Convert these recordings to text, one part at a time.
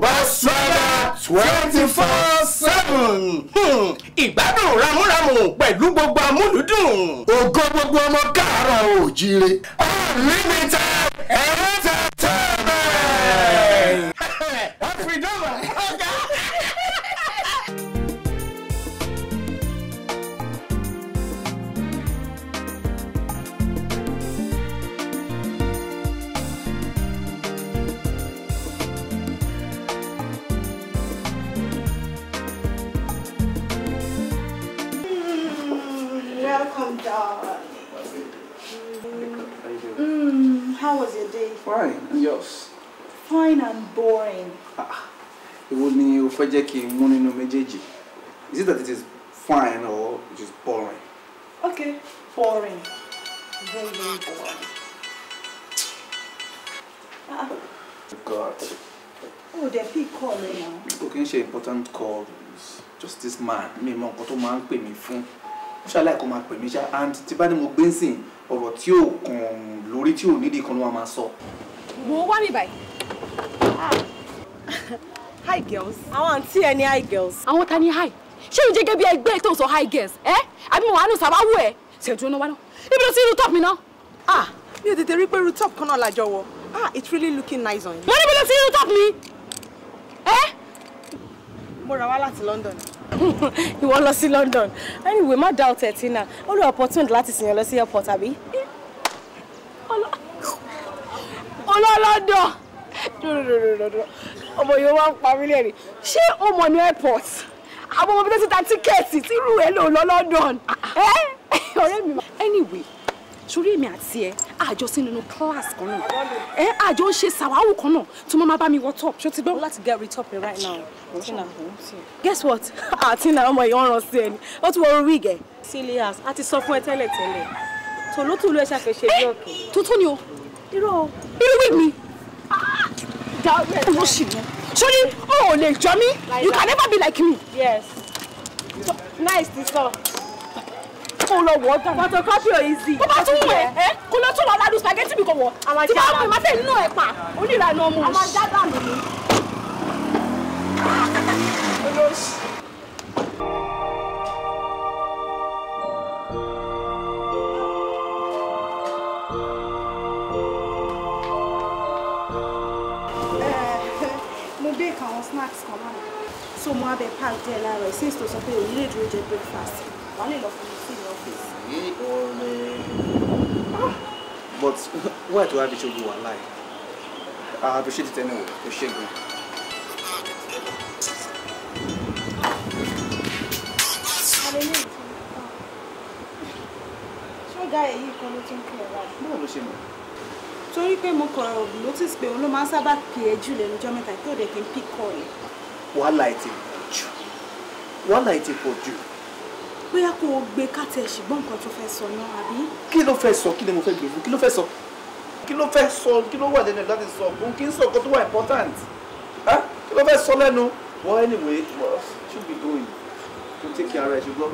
Basara twenty four seven. Hmm. ìgbádùn ramúramù pẹ̀lú gbogbo amúlùdùn. ògo gbogbo ọmọ káàárọ̀ oòjíire. unlimited entertainment. wọ́n fi dọ́là. How was your day? Fine, and yours? Fine and boring. Ah, èwo ni o fẹ́ forget kí n mú nínú méjèèjì? Is it that it is fine or just boring? Okay, boring. Very, very boring. Ah. God. Oh, the big call now. Okay, kí n important call. Just this man, me, my nǹkan man, máa ń phone. mí fún. Ó ṣàlàyé kó máa and tí bá ní ọ̀rọ̀ tí ò kàn um, lórí tí ò nídìí kan ló wá máa sọ. mo wá mi báyìí. Ah. hi girls. àwọn àǹtí ẹ ní hi girls. àwọn ta ni hi ṣé o jẹ́ gẹ́gẹ́ bí ẹgbẹ́ tó ń sọ hi girls ẹ àbí mo wà nù sábà wù ẹ ṣèjú náà wá náà ibi ló sí rooftop top mi náà. ah mi ò tètè rí pé irú top kan náà lájọ wọ ah it's really looking nice on you. mo níbi ló sí irú top mi. ẹ. mo rà wá láti London. ìwọ lọ see London anyway my doubt, ọtẹ tí náà ó lè opportunity láti sìn yàn lọ sí airport àbí. ọlọ́lọ́dọ̀ ọmọ yìí wá ń parí lẹ́rìn ṣé ó mọ̀ ní airport àwọn ọmọ bíi tẹ́tí ta tíkẹ́ẹ̀tì tí irú ẹ̀ lò lọ London ọ̀rẹ́ anyway sórí èmi àti ẹ àjọ sí nínú class kan náà ẹ àjọ ń ṣe sàwáwù kan náà tó máa bá mi wọ top ṣó ti gbọ́. láti get rid top right now tina guess what àtina ọmọ yìí ọ̀ràn sí ẹni ó ti wọ orí wig ẹ. silias a ti sọ fún ẹ tẹ́lẹ̀ tẹ́lẹ̀ tòlótòló ẹ ṣàfẹ́ṣe bí ọ̀kẹ́. Eh, tuntun ni o irọ́ irú wig mi olóṣì ni sórí o ò lè jọ mí you can never be like me. yes nice ti sọ kó lọ wọ̀ ọ́ dànù. photocopy ò easy. tó bá tún wẹ̀ ẹ́ kó lọ tún wà ládùú spaghetti mi kò wọ̀. tí bá pè má fẹ́ nínú ẹ̀ pa oníranà ọmọ. àwọn ajá dànù ni. olóṣì. snacks kan lánàá so mo abẹ pack díẹ̀ láàárọ̀ since tó sọ pé òní lè dúró jẹ breakfast wàá lè lọ fún mi. Ah, but why do I have to show you wà láì I appreciate it anyway Appreciate ṣe gan. ṣọ́gà èyí kan ló tún kí ẹ wá. báwo ló ṣe mọ̀. torí pé notice pé on the máa ń sábà pè é jù lẹ́nu ọjọ́ mẹ́ta tó dẹ̀ pick call ẹ̀. wàhálà ẹ̀ ti pọ̀ jù wàhálà ẹ̀ bóyá kò gbé kátẹ ṣùgbọ́n nǹkan tó fẹ́ sọ náà àbí. kí ló fẹ́ sọ kí ni mo fẹ́ gbè fún kí ló fẹ́ sọ kí ló fẹ́ sọ kí ló wà lẹ́nu láti sọ òun kì í sọ nǹkan tó wà important kí ló fẹ́ sọ lẹ́nu. well anyway well, should be going to take care of ẹ ṣùgbọ́n.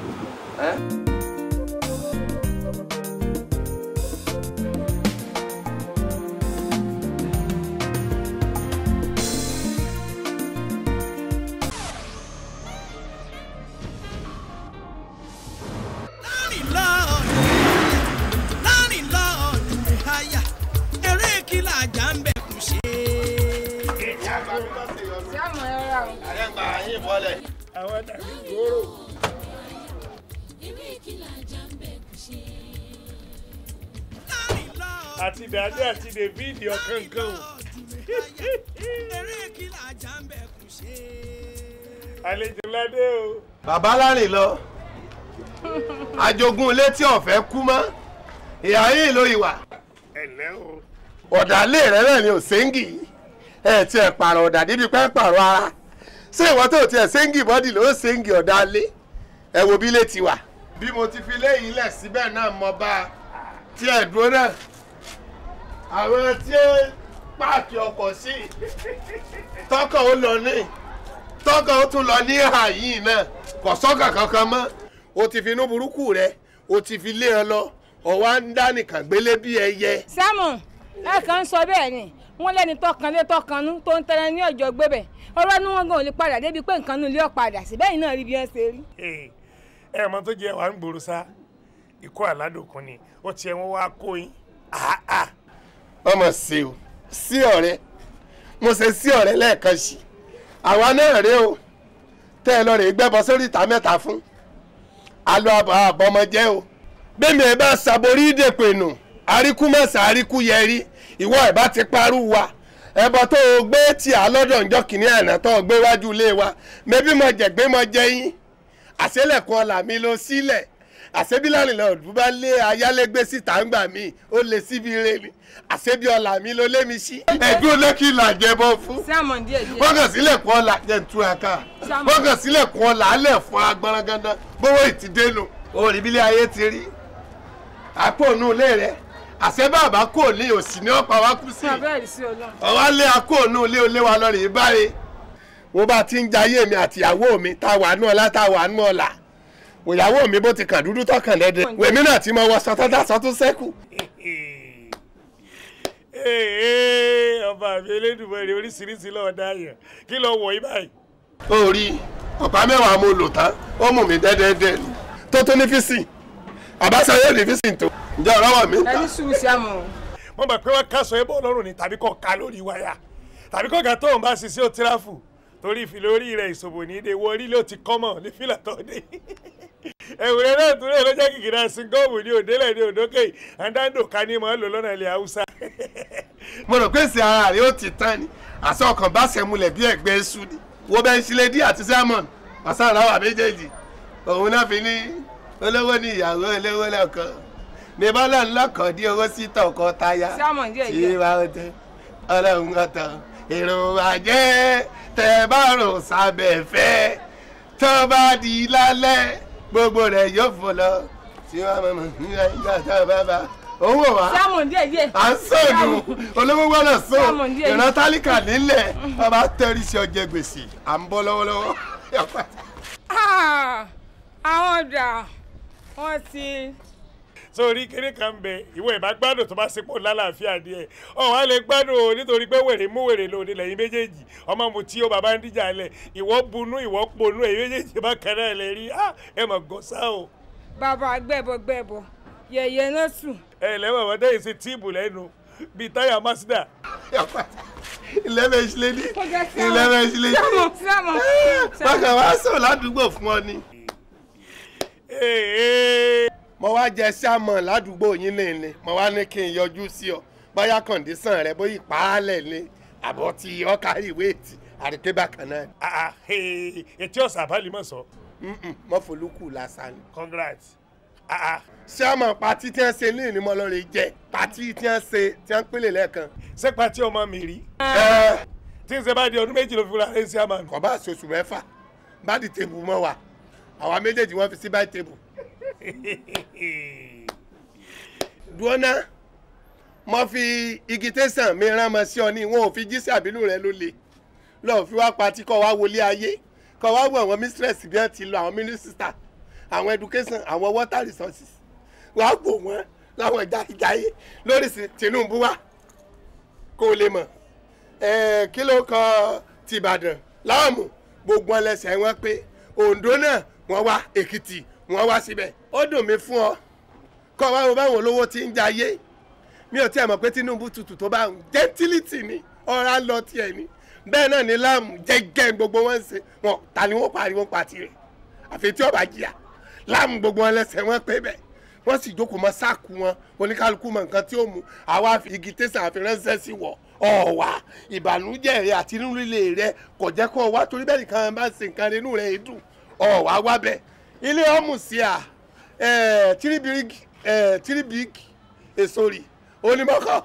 lọ́lẹ̀. àwọn dàbí gbòòrò. àti dàdé àti david ọ̀kánkán o. àlejò ládé o. bàbá lárìn lọ ajogun ilé tí ọ̀fẹ́ kú mọ́ ìyá yìí ló ìwà. ẹ̀lẹ́ o. ọ̀dà ilé rẹ̀ rẹ̀ ni ò séǹgì ẹ̀ tí pààrọ̀ ọ̀dà débi pẹ́ pààrọ̀ ara ṣé ìwọ tó tiẹ̀ ṣéǹgì bọ́dì ló ṣéǹgì ọ̀dà lé ẹ wo bí lè ti wà. bí mo ti fi léyìn lẹ̀ síbẹ̀ náà mo bá a tí ẹ̀ dúró náà àwọn tí ẹ páàkì ọkọ̀ sí tọkọ̀ ó lọ ní tọkọ̀ ó tún lọ ní ìhà yìí náà kò sọ́kà kankan mọ́ o ti fi inú burúkú rẹ o ti fi lé ẹ lọ ọ̀wá ń dá nìkan gbélé bí ẹyẹ. Sámù ẹ kàn ń sọ bẹ́ẹ̀ ni wọ́n lẹ́ni tọkàn lé tọkàn nú tó ń tẹran ní ọjọ́ gbébẹ̀ ọ̀rọ̀ ni wọ́n gan ò lè padà débi pé nǹkan nù lé ọ̀ padà sí bẹ́ẹ̀ náà rí bí wọ́n ṣe rí. Eh, ẹ ẹ mọ tó jẹ wàá ń gbòòrò sá ikú aládòkun ni ó tiẹ̀ wọ́n wá kó yín. Ah, ah. ọmọ ṣe o sí ọ̀rẹ́ mo ṣe sí ọ̀rẹ́ lẹ́ẹ̀kan sí àwa náà rèé o tẹ́ ẹ lọ rèé gbẹ́bọ sórí ìta mẹ́ta fún alo àbọ̀mọ jẹ́ o bẹ́ẹ̀ mi ẹ bá ṣàborí dèpè nù àríkú mẹ́sàn-án àríkú yẹrí ìwọ ẹ̀ bá ti parú wa ẹbọ tó o gbé tí a lọ́dọ̀ ńjọ́ kìíní àná tó o gbé wájú ilé wa mẹ́bí mo jẹ̀ gbé mo jẹ yín àṣẹlẹ̀kùn ọ̀là mi ló sílẹ̀ àṣẹbí lánìlẹ̀ ọ̀dùn bá lé ayálégbé síta ń gbà mí ó lè síbi ire ni àṣẹbí ọ̀là mi ló lé mi sí. ẹ̀gbọ́n lẹ́kì là jẹbọ fún. wọ́n kàn sílẹ̀kùn ọ̀là jẹ́ ntú ẹ̀ka wọ́n kàn sílẹ̀kùn ọ̀là alẹ̀ fún agbọ́nrangandan bówó ìtìdénu. o rí bílẹ̀ ayé ti rí àpò ònú ilé rẹ̀ àṣẹ bàbá kò ní òsì ní ọ̀pá wa kú sí ọ̀wá lé akóònù ilé olé wa lọ rèé báyìí wọ́n bá ti ń jayé mi àtìyàwó mi tá a wà nú ọlá tá a wà nú ọlà òyàwó mi bó ti kàn dúdú tọkàn dẹdẹ wèmí náà ti mọ wọ sọtọdá sọtún sẹkù. ọba mi elédùnmọ̀ rẹ oríṣiríṣi lọ́wọ́ dáyẹ̀ kí lọ wọ̀ yí báyìí. ó rí ọ̀pá mẹ́wàá mo lò tán ó mú mi dẹ́dẹ́dẹ́ tó tó ní físì àbáṣá yóò ní físìn tó ǹjẹ́ ọ̀rọ̀ wà mí. ẹni sùn sí àmọ́. mo mọ̀ pé wọ́n kásọ̀ ẹbọ ọlọ́run ni tàbí kọ́ ka lórí wáyà tàbí kọ́ ga tó ń bá ṣiṣẹ́ ó tiráfù torí ìfìlórí rẹ̀ ìṣòbò ní ìdè wọ orí ló ti kọ́mọ̀ ní fìlà tó dé. ẹ̀wùrẹ́ náà tún lè lọ́jọ́ kìkìdá singọ́ọ̀mù ní òdélẹ̀ ní òdókè àńdáńdò ká ní mọ́ lò lọ́nà ilẹ̀ haúsá. mo rò pé èsì ara rẹ ó ti tán ni àṣà ọkàn bá ṣe múlẹ̀ bí ẹ̀gbẹ́ iṣu ni wo bẹ́ẹ̀ ṣílẹ̀ dí àti salmon àṣà àláwà méjèèjì òun náà fi ní olówó ní ìyàwó olówó lọ́kọ ní bọ́lá ńlọ́kọ̀ dí owó sí tọ̀kọ̀ táyà tí wà ó tẹ ọlọ́run ọ̀tọ̀ èrò àjẹ́ tẹ bá rò sábẹ́ fẹ́ tó bá di lálẹ́ gbogbo rẹ̀ yóò fò lọ tí wọ́n mọ̀ mọ̀ nígbà ìgbà tó bá bá owó wa à ń sọ̀dù olówó gbọ́dọ̀ so ìran tálíkà nílẹ̀ ọba tẹ́rìṣẹ́ ọjẹ́ gbèsè à ń bọ́ lọ́wọ́lọ́wọ́. Ah, àwọn ọjà wọ́n ti. sórí kéré kan bẹ ìwọ ìbá gbádùn tó bá sepò lálàáfíà díẹ̀ ọ̀hún á lè gbádùn o nítorí pé wèrè mú wèrè lòdì lẹ́yìn méjèèjì ọmọ mu tí ó bàbá ń díjà lẹ̀ ìwọ bunú ìwọ ponú ẹ̀yìn méjèèjì bá kẹrẹ ẹ̀ lè rí ẹ mọ̀ gọ́sá o. bàbá gbẹ̀bọ gbẹ̀bọ yẹ̀yẹ́ náà sùn. ẹ lẹ́wọ̀n wọ́n dẹ́yìn sí tíìbù lẹ́nu bíi táyà mazda ilẹ̀mẹ̀ ìṣilédí ilẹ̀mẹ̀ ìṣilédí bákan wá sọ̀ ládùúgbò fún ọ ni mo wá jẹ sàmọ̀ ládùúgbò yín lẹ́ẹ̀lẹ́ mo wá ní kí n yọjú sí ọ bóyá kọ̀ǹdísàn rẹ bóyá ìpààlẹ̀ ni àbọ̀ ti ọkà ìwé ti àdìpé bákan náà. ètí ah, ah, ọ̀sán àbálẹ̀ mọ̀ sọ. mo folúkù lásán. congrats. Ah, sàmọ̀ pati tí wọ́n ṣe ní ìnímọ̀ lọ́rẹ̀ jẹ́ pati tí wọ́n ṣe tí wọ́n pélé lẹ́ẹ̀kan. ṣé pati ọmọ mi rí. Eh. tí n ṣe bá di ọdún méjì ló fi kúra ẹ̀ ń sàmọ̀. kò bá aṣoṣù mẹ́fà bá di tèbù mọ́ wa àwa méjèèjì wọ́n fi sí by table. duona mo fi igi tẹsán mi rán mọ sí ọ ní wọn ò fi jíṣẹ́ àbínú rẹ ló le lọ́ọ́ fi wá patí kọ́ wá wọlé ayé kọ́ wá wọ àwọn mistress bí wọ́n ti lọ àwọn minister àwọn education àwọn water resources wàá gbò wọ́n láwọn ìjáyé lórí Tinubu wa kó lè mọ̀ kí ló kọ tìbàdàn láàmú gbogbo ọlẹsẹ̀ wọn pé Ondo náà wọ́n wá èkìtì wọ́n wá síbẹ̀ ó dùn mí fún ọ kọ́ wa báwọn olówó ti ń jayé mi ò tiẹ̀ mọ̀ pé Tinubu tutù tó bá gentility ni ọ̀rá lọ tiẹ̀ ni bẹ́ẹ̀ náà ni láàmù jẹ́gẹ́ gbogbo wọn ṣe wọn ta ni wọ́n pariwo pa tirẹ̀ àfi tí ọba jìyà láàmù gbogbo wọn lẹ́sẹ̀ wọn pé bẹ́ẹ̀ wọ́n sì jókòó mọ́ sáàkù wọn oníkálukú mọ nǹkan tí ó mú àwa igi tẹ̀sán àfiránṣẹ́ sí wọ̀ ọ̀wà ìbànújẹ́ rẹ àti inú líle rẹ kò jẹ́ torí bẹ́ẹ̀ nìkan bá ń ṣe nǹkan inú rẹ dùn ọ wá wá bẹ ilé ọmùsíà tíríbírígì tíríbírígì èsòrì onímọ̀kọ́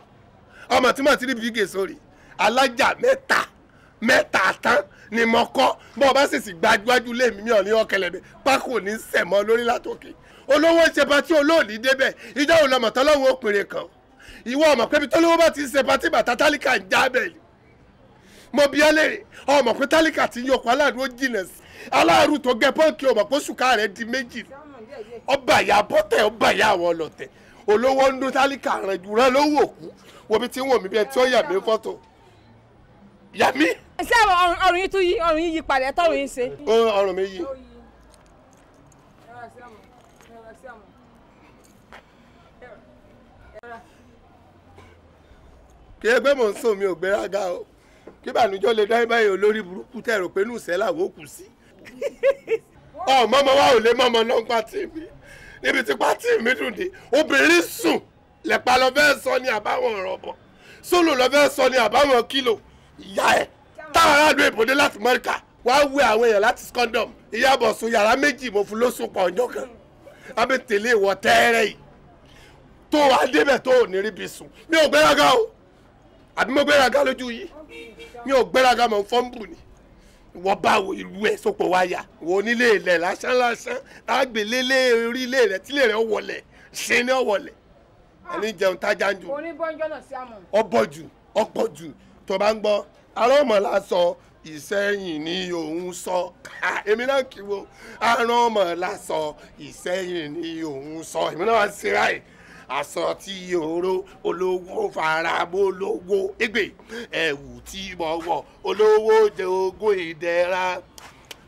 ọmọ tí mo tíríbírígì èsòrì alájà mẹ́ta mẹ́ta tán ni mo kọ́ bọ́ ọ bá sì sì gbajúgbajú lé mi mi ò ní ọkẹlẹ̀ mi pákó ní sẹ̀mọ́ lórí látòkè olówó ṣe patí olóòní débẹ̀ ìjọ òun lọmọ tọ́lọ́wọ́ òpèrè kan ìwọ ọmọ pé ibi tọ́lọ́wọ́ bá ti ṣe patí bàtà tálíkà ń jábẹ̀ mo bí ọ léèrè ọmọ pé tálíkà ti yọkọ aládùúgbò jìnnà sí aláàrú tó gẹ pọ́ǹkì ọmọ pé sùkà rẹ̀ di méjì ọba ìyá bọ́tẹ̀ ọba ìyá àwọn ọlọ́tẹ̀ olówó ń dún tálíkà rẹ̀ jùlọ lówó òkú wo bí tí ń wò mí bí ẹ tí ó yà mí fọ́tò yà mí. ṣé ọrùn yìí tún yí ọrùn yìí yí padà ẹ tọrùn yìí ṣe. ọrùn mi yí. kí ẹgbẹ́ mọ̀ ń sùn mi ò gbéraga o kí bànújọ́ lè dá ẹ báyìí olórí burúkú tẹ̀rọ pé nùsẹ́ làwọn ò kù sí ọ mọ́mọ́ wa ò lè mọ́mọ́ náà pàtì mi níbi tí pàtì mi dùn dé obìnrin sùn lẹ́pa lọ fẹ́ sọ ní àbáwọn ọ̀rọ̀ bọ̀ sólò lọ fẹ́ sọ ní àbáwọn kílò ìyá ẹ̀ táwọn aráàlú ìbòdé láti mọ́ríkà wá wé àwọn èèyàn láti scondom ìyàbọ̀ sùn yàrá méjì mo fún lóṣù pọ̀ ọjọ́ kan abẹ́ tẹ̀lé ìwọ tẹ́ẹ́rẹ́ yìí tó wà á débẹ̀ tó ò ní rí bí sùn mi ò gbéraga o àbí mo gbéraga lójú yìí mi ò gbéraga mọ̀ fọ́nbù ni wọ́n bá ìlú ẹ̀ sopọ̀ wáyà wọ́n onílé ilẹ̀ lásán lásán àgbélélé orílé rẹ̀ tílé rẹ̀ wọlẹ̀ ṣe ni ọ̀wọ̀lẹ̀ ah. ẹni jẹun tájà ń jù ọbọ̀ jù ọ̀pọ̀ jù tó bá ń gbọ́ arọ́mọ̀lá sọ ìsẹ́yìn ni òun sọ èmi náà kí wo arọ́mọ̀lá sọ ìsẹ́yìn ni òun sọ èmi náà wá sí ráì aṣọ tí oró olówó farabó olówó égbè ẹ̀wù tí mo wọ̀ olówó jẹ ogún ìdẹ̀ra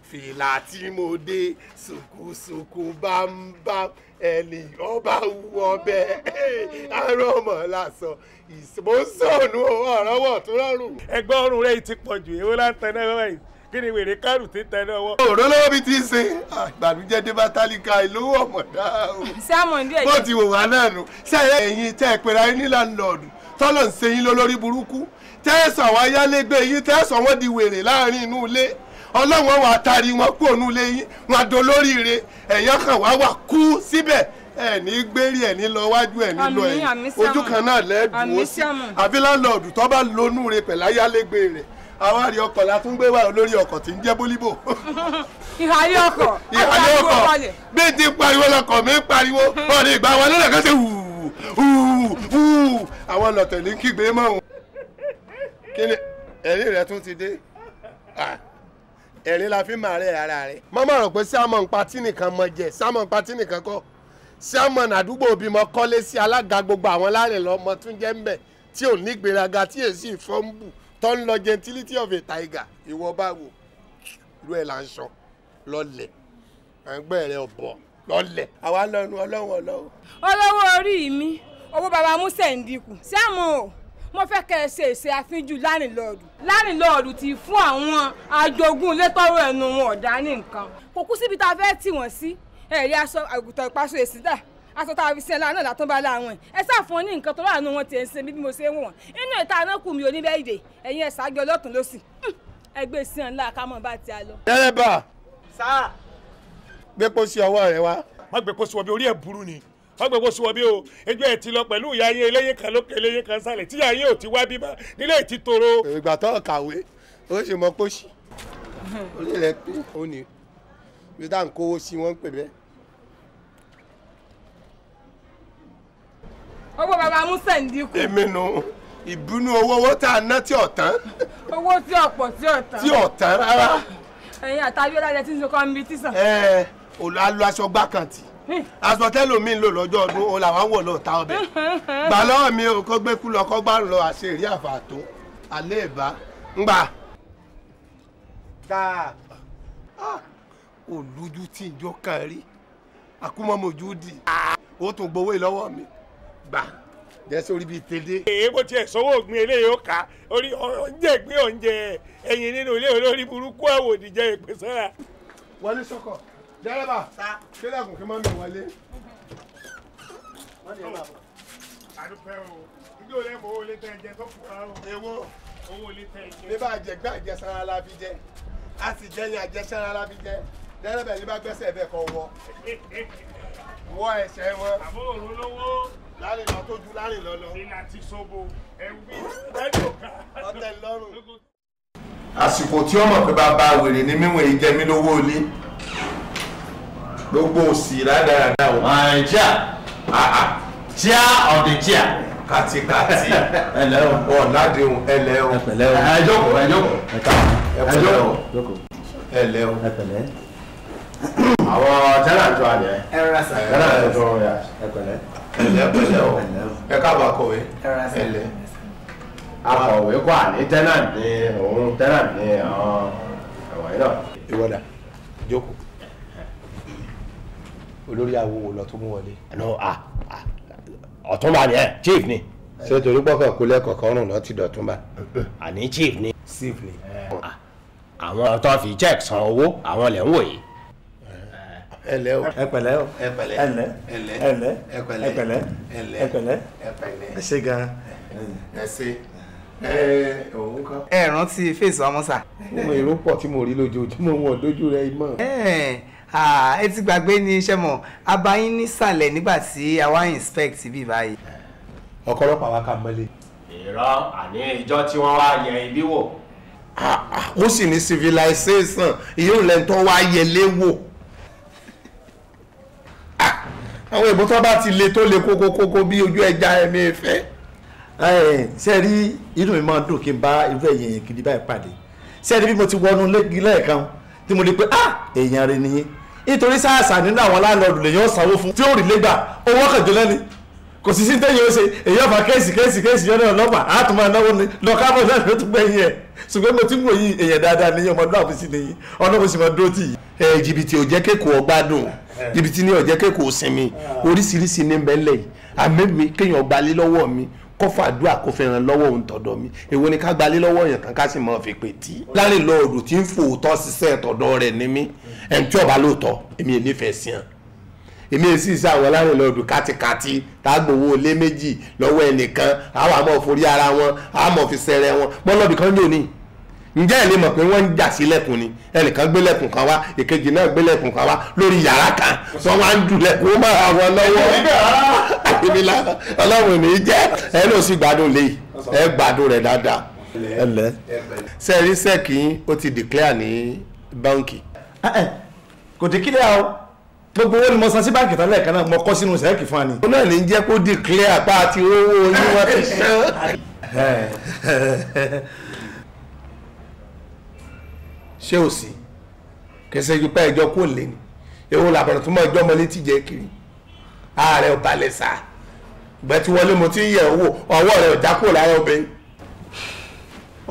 fìlà tí mo dé ṣùkúṣùkú bámbá ẹni ọba wú ọbẹ arọ ọmọ lásọ ìsọmọsọ ọ̀nù ọ̀rọ̀wọ̀ tó rọrùn. ẹgbẹ́ ọrùn rẹ̀ ti pọ̀jù èwo láǹtẹ̀ náà báyìí kí ni wèrè kẹrù ti tẹ lọ́wọ́. òró lọ́wọ́ mi ti sin àgbàlújẹ́ ah, débá tálíkà ìlówó ọ̀mọ̀dá o. sáàmù ndí ẹ̀jẹ̀ bó ti wò wá náà nù sẹ́yìn ẹ̀yin tẹ́ ẹ pera yín ní láńlọ́ọ̀dù tọ́lọ̀ ń ṣe yín lólórí burúkú tẹ́sán àwọn ayálégbé yín tẹ́sán wọ́n di wèrè láàrin inú ilé ọlọ́wọ́n wàá tari wọn kú ònú ilé yín wọn àdolóríire ẹ̀yàn kan wá wà kú síbẹ̀ ẹni gbérí ẹni lọ wájú ẹni lọ ẹ̀yìn ojú kan náà lẹ́ẹ̀dùn sí àfi láńlọ́ọ̀dù tó bá lonú re pẹ̀láyálégbé rẹ̀ àwárí ọkọ̀ la tún gbé wà lórí ọkọ̀ tí ń jẹ́ bólíbò. ìhàlẹ́ ọkọ̀ ìhàlẹ́ ọkọ̀ bí ti pariwo lọkọ̀ mi pariwo ọ̀rẹ́ ìgbà wa lọ́dọ̀ kan ṣe wùwù àwọn lọ̀tẹ̀ ní kígbe mọ́ òun. kí ni ẹ̀rí rẹ tún ti dé ẹ̀rí la fi máa rẹ̀ ara rẹ̀. mọ́mọ́ rò pé sámọ̀ ń patí nìkan mọ jẹ sámọ̀ ń patí nìkan kọ́ sámọ̀ nàdúgbò bímọ kọ́lé sí alága gbogbo àwọn láàrin lọ́mọ tún jẹ́ ń bẹ̀ tí ò ní gbéraga tí èsì fọ́ ń bù tó ń lọ gentility of a tiger ìwọ báwo ìlú ẹ̀ là ń sọ lọ́lẹ̀ ẹgbẹ́ rẹ̀ ọ̀bọ̀ lọ́lẹ̀ àwa lọ́nu ọlọ́run ọlọ́run. olówó orí mi owó baba musa ń dínkù sí àmọ́ o mo fẹ́ kẹ́ ẹ ṣe ìṣe àfínjù lárìnlọ́ọ̀dù lárìnlọ́ọ̀dù ti fún àwọn ajogún létọ́rọ̀ ẹnu wọn ọ̀dá ní nǹkan kò kú síbi tá a fẹ́ tì wọ́n sí ẹ̀rí aṣọ àgùntàn ìpasọ̀ èsì dà aṣọ tá a fi sin ẹlá náà látọ́ bá láwọn ẹ̀ ẹ sáfún ní nǹkan tó láàánú wọn ti ẹ̀ ń ṣe mí bí mo ṣe ń wọ̀n inú ìta náà kù mí oníbẹ̀ ìdè ẹ̀yin ẹ̀ ṣáájú ọlọ́tún ló sì ẹgbẹ́ ìsìn ńlá kámọ́ bá ti a lọ. dẹ́rẹ́bà sá gbépo sí ọwọ́ rẹ wá. má gbépo sí wọbi orí ẹ̀ burú ni má gbépo sí wọbi o ẹjọ́ ẹ̀ ti lọ pẹ̀lú ìyá yín eléyín kan lókè eléyín kan sálẹ̀ tíyà yín ò ti wá bímọ nílé ìtì toro. ìgbà tó kàwé ó sì mọ pósí orí rẹ pé ó ní bí dáhùn kówó sí wọn ń owó bàbá musa ń dínkù. èmi nu ìbínú owó owó tá a ná tí ọ̀tán. owó tí ọ̀pọ̀ tí ọ̀tán. tí ọ̀tán rárá. ẹ̀yin àtàbíọ́lá rẹ ti ń sọ kọ́ ń bi tísà. ẹ ò lọ alu aṣọ gbákàntì aṣọ tẹlómiín lò lọ́jọ́ ọdún o làwọn wò lọ ta ọbẹ̀ gbà lọ́wọ́ mi ò kó gbé kú lọ kó gbà lọ àṣeyìí àfààtó alẹ́ ìbá ah, ń gbà. dáa olójú tí ìjọ kan rí àkúmọ̀mọ̀jú di ó tún gbowó lọ́wọ́ mi gbà jẹ́sí orí bíi tẹ́lẹ̀. èyí bó tiẹ̀ sanwó ògbìn eléyìí ó kà á orí oúnjẹ gbé oúnjẹ ẹyin nínú ilé olórí burúkú àwọn òdìjẹ ìpè sára. wọlé sọkọ dẹ́rẹ́bà kílẹ̀kùn kí n má mi wọlé. àdúpẹ́ o ìdí olè mọ owó lè tẹ ẹ̀jẹ̀ tó kù rárá o. èwo owó lè tẹ ẹ̀jẹ̀. bí bá a jẹ gbé àjẹsára la fi jẹ a sì jẹ ní àjẹsára la fi jẹ dẹ́rẹ́bà ní bá gbẹ́sẹ̀ bẹ́ẹ̀ kọ́ wọ. wọ ẹsẹ̀ wọn. àbúrò olówó. lárìn lọ tó ju lárìn lọ lọ. ìlà ti sobo ẹwí rẹ́díò ká. ọtẹ lọ́rùn. àsìkò tí ọmọ pé bàbá wèrè ni mímú èyí jẹ mí lówó ilé gbogbo òsì rádaràdà o. nàìjíríà tíá ọ̀dẹ̀ tíá. katikati ẹlẹ o. ọ̀làdìhun ẹlẹ o. ẹpẹ̀lẹ́ o. ẹjọ́kọ̀ ẹjọ́kọ̀ ẹjọ́kọ̀ ẹlẹ o. ẹpẹ̀lẹ́ àwọn tẹ́lá ń tọ́ àjẹ́ tẹ́lá ń tọ́ ya ẹ̀pẹ̀lẹ́ ẹ̀lẹ́ pẹ̀lẹ́ o ẹ káàbọ̀ akọ̀wé ẹ̀lẹ́ akọ̀wé kọ́ àní tẹ́lá ní òun tẹ́lá ní ẹ̀wọ̀n yìí náà. ìwọ́dà jókòó olórí awo lọ tó mú wọlé. ọ̀túnba ni ẹ chief ni ṣé torí pọ́kàn kó lẹ́kọ̀ọ́ kan rùn lọ́tì dọ̀túnba. àní chief ni. chief ni. àwọn tó fi check san owó àwọn lè ń wòye ẹlẹ o ẹpẹ̀lẹ́ o ẹpẹ̀lẹ́ ẹlẹ ẹlẹ ẹlẹ ẹpẹ̀lẹ́ ẹpẹ̀lẹ́ ẹpẹ̀lẹ́ ẹpẹ̀lẹ́ ẹṣé gan ẹṣé òun kọ. ẹ rántí fèsì amọ́sà. ohun èrò pọ̀ tí mo rí lójoojúmọ́ wọn lójú rẹ mọ́. ẹ ti gbàgbé ní iṣẹ́ mọ̀ abayín nísàlẹ̀ nígbà tí àwa inspect bí báyìí. ọ̀kọ́lọ́pàá wa kà mọ́lé. ìran àní ìjọ tí wọ́n wá yẹ ibi wò. Ah, ah, ó sì ní civilization ìyóò lẹ́ńtọ́ wá yẹ léwò àwọn ìbò tó bá ti le tó le kókókókó bí ojú ẹja ẹ̀mí ìfẹ́. ṣe rí inú mi máa ń dùn kí n bá irú ẹ̀yìn yẹn kiri báyìí pàdé ṣe rí bí mo ti wọnú lẹ́gí lẹ́ẹ̀kan tí mo lè pe ah èèyàn rẹ nìyí nítorí sáàsà nínú àwọn aláàlọ́ọ̀dù lèyàn sanwó fún tí ó rí lẹ́gbà owó kàjọ lẹ́ni kò sí sí tẹ́yìn ó ṣe èyàn fà kéèsì kéèsì kéèsì yọ́nà ọlọ́pàá àtúmọ̀ náwó ni lọ́kàbọ̀ náà ló tún gbẹ̀yìn ẹ̀ ṣùgbọ́n mo ti ń wòye èèyàn dáadáa níyàn ọmọdún àbísí nìyí ọlọ́run sì máa dúró tì í. ẹ jìbìtì ò jẹ́ kéèkó ọgbádùn jìbìtì eh. ní ọ̀jẹ́ kẹ́kọ̀ọ́ sinmi ah. oríṣiríṣi ní bẹ́lẹ̀ yìí àmẹ́mi kéèyàn gbalé lọ́wọ́ mi kó fàdúrà kó lọ́wọ́ òun tọ̀dọ̀ mi èwo ni ká gbalé lọ́wọ́ èèyàn kan ká sì mọ̀ fi pè tí. láàrin lọ òdò tí ń fòótọ́ ṣiṣẹ́ tọ̀dọ̀ rẹ̀ ní mí hmm. ẹni tí ọba lóòótọ́ èmi ò nífẹ̀ẹ́ sí hàn èmi èsì sí àwọn láàrin lọ òdò kátikati tágbòwò lé méjì lọ́wọ́ ẹnìkan àwọn àmọ́ forí ara wọn àmọ́ fi sẹ́rẹ̀ wọn mọ́lọ́bì kan lónìí ǹjẹ́ ẹ̀ lè mọ̀ pé wọ́n ń jà sí lẹ́kùn ni ẹnìkan gbé lẹ́kùn kan wá èkejì náà gbé lẹ́kùn kan wá lórí yàrá kan wọ́n wá ń dù lẹ́kùn ó máa wọn lọ́wọ́ àbíbílá ọlọ́run ní í jẹ́ ẹ ló sì gbádùn lé ẹ gbádùn rẹ̀ dáadáa ẹlẹ́ sẹ́ẹ̀rí sẹ́ẹ̀kì ó ti declare ní báǹkì. kò dé kílẹ̀ o gbogbo owó ni mo san sí báǹkì tán lẹ́ẹ̀kan náà mo kọ́ sínú sẹ́ẹ̀kì fún wa ni. ó náà ní jẹ́ kó ṣé ò sí kẹsẹ̀ ju pẹ́ ẹjọ́ kò lé ni èwo làbẹ̀rẹ̀ tó mọ̀ ẹjọ́ ọmọ létí jẹ́ kiri ààrẹ ò balẹ̀ sá ìgbẹ́ tí wọlé mo ti ń yẹ̀ owó ọwọ́ rẹ̀ ò já kúrò lára obìnrin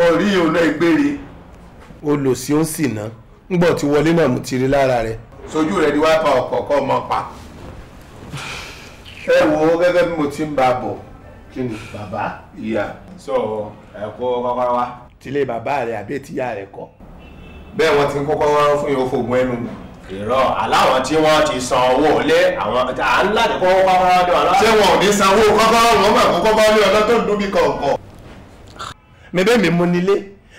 orí òun náà gbére olòsí ó sì ná ńgbọ̀ tí wọlé náà mo ti rí lára rẹ̀ sojú rẹ̀ di wá pa ọ̀kọ̀ọ̀kọ̀ ọmọ pa ẹ wo gẹ́gẹ́ bí mo ti ń ba bọ̀ kí ni bàbá ìyá sọ ẹ̀kọ́ kọ́kọ́rọ́ wa. tilé bàbá rẹ̀ àbí ètìyá rẹ̀ kọ́ bẹ́ẹ̀ wọ́n ti kọ́kọ́ wọ́n fún yóò fògùn ẹnu nù. ìrọ̀ aláwọ̀ tí wọ́n ti san owó lé àwọn à ń láti kọ́kọ́ kọ́kọ́rọ́ dùn àná. ṣé wọn ò ní sanwó kọ́kọ́rọ́ wọn mà kó kọ́kọ́rọ́ lé ọ̀dọ́ tó dùn bí kọ̀ọ̀kan. mẹ́bẹ́ mi mú nílé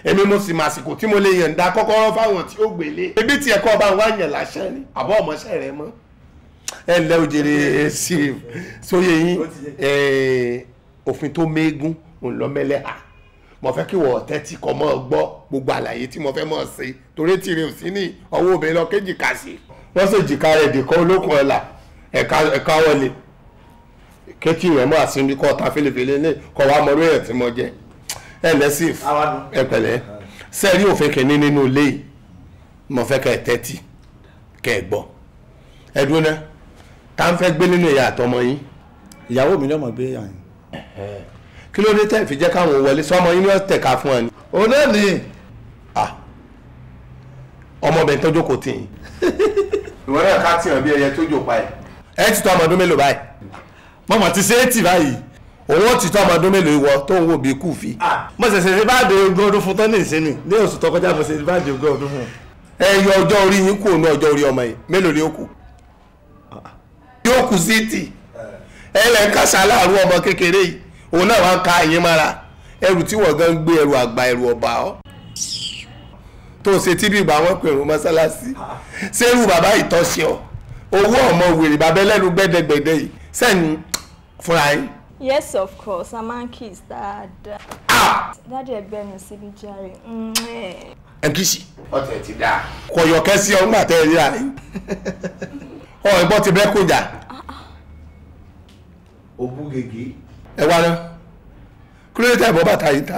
èmi mo sì màsìkò tí mo lè yànda kọ́kọ́rọ́ fáwọn tí ó gbélé. ebi tí ẹ̀kọ́ bá wà yàn láṣẹ ni àbọ̀ ọmọọṣẹ́ rẹ mọ́. ẹ ǹlẹ́ o jèrè sóye yín òfin tó méégún òǹlọ́mẹ́lẹ́hà mo fẹ́ kí wọ́n tẹ́tí kọ́ mọ́ ọ gbọ́ gbogbo àlàyé tí mo fẹ́ mọ́ ọ ṣe torí tìrì ò sí ní ọwọ́ obìnrin lọ kéjì kà sí wọ́n sì jìkà rẹ̀ dìkan olókùn ọ̀la ẹ̀ka wọlé kéjì rẹ̀ mọ́ àsìnrí kọ́ ta fèlèfèlè ní kọ́ wa mọ́rú ẹ̀ tí mo jẹ́ ẹ̀ lẹ́sìn ẹ̀ pẹ̀lẹ́ sẹ́ẹ̀rí òfin kìíní nínú ilé yìí mo fẹ́ kẹ́ ẹ tẹ́tí kẹ́ ẹ gbọ́ ẹ dúró náà tá ń fẹ́ gbé nínú ìyá àtọmọ yín. ìyàwó mi lọ́mọ gbé yàn kí ló dé tẹ́ fi jẹ́ káwọn wọlé sọmọ yín ní ọ̀tẹ̀ ká fún ọ ni. òun náà ni. Ah. ọmọbìnrin tó jókòó tì yín. ìwọ náà ká tìyàn bí ẹyẹ tó jòpa ẹ. ẹ ti tọ́ ọmọ ọdún mélòó báyìí. mọ̀mọ́ ti ṣe é tì báyìí òun ti tọ́ ọmọ ọdún mélòó ìwọ tó ń wò bíi kù fi. Ah. mo ṣẹ̀ṣẹ̀ ṣe bá de ogún ọdún fún tọ́ni ìsinmi ní oṣù tó kọjá mo ṣe bá de ogún ọdún fún. ẹ yọ ọjọ́ orí yín kù ní ọjọ́ orí ọmọ yìí mélòó ni ó kù. Ah. yóò kù sí tì eh. ẹ lẹ́ ń kàṣà láàárọ̀ ọmọ kékeré yìí òun náà wàá ka ẹ̀yìn mára ẹrù tí wọ́n gan gbé ẹrù àgbà ẹrù ọ̀bà ọ́ tó ṣe tíbi ìgbà wọn pè rún mọ́sálásí ṣé bàbá ìtọ́sí ọ owó ọmọ wèrè bàbá ẹlẹ́nu gbẹ́dẹ́gbẹ́dẹ́ yìí sẹ́yìn fúnra yín. yes of course a máa ń kiss dáadáa. dáàdì ẹgbẹ́ mi síbi jàre. ẹ kì í sí. ọtẹ ti dáa. kọyọkẹ sí ọgbà tẹ ẹ ríra yín. ọ ìbọn ti bẹ kó jà. òbú gègé. ẹ wá náà kí ló dé tẹ́ ìbọn bàtà yìí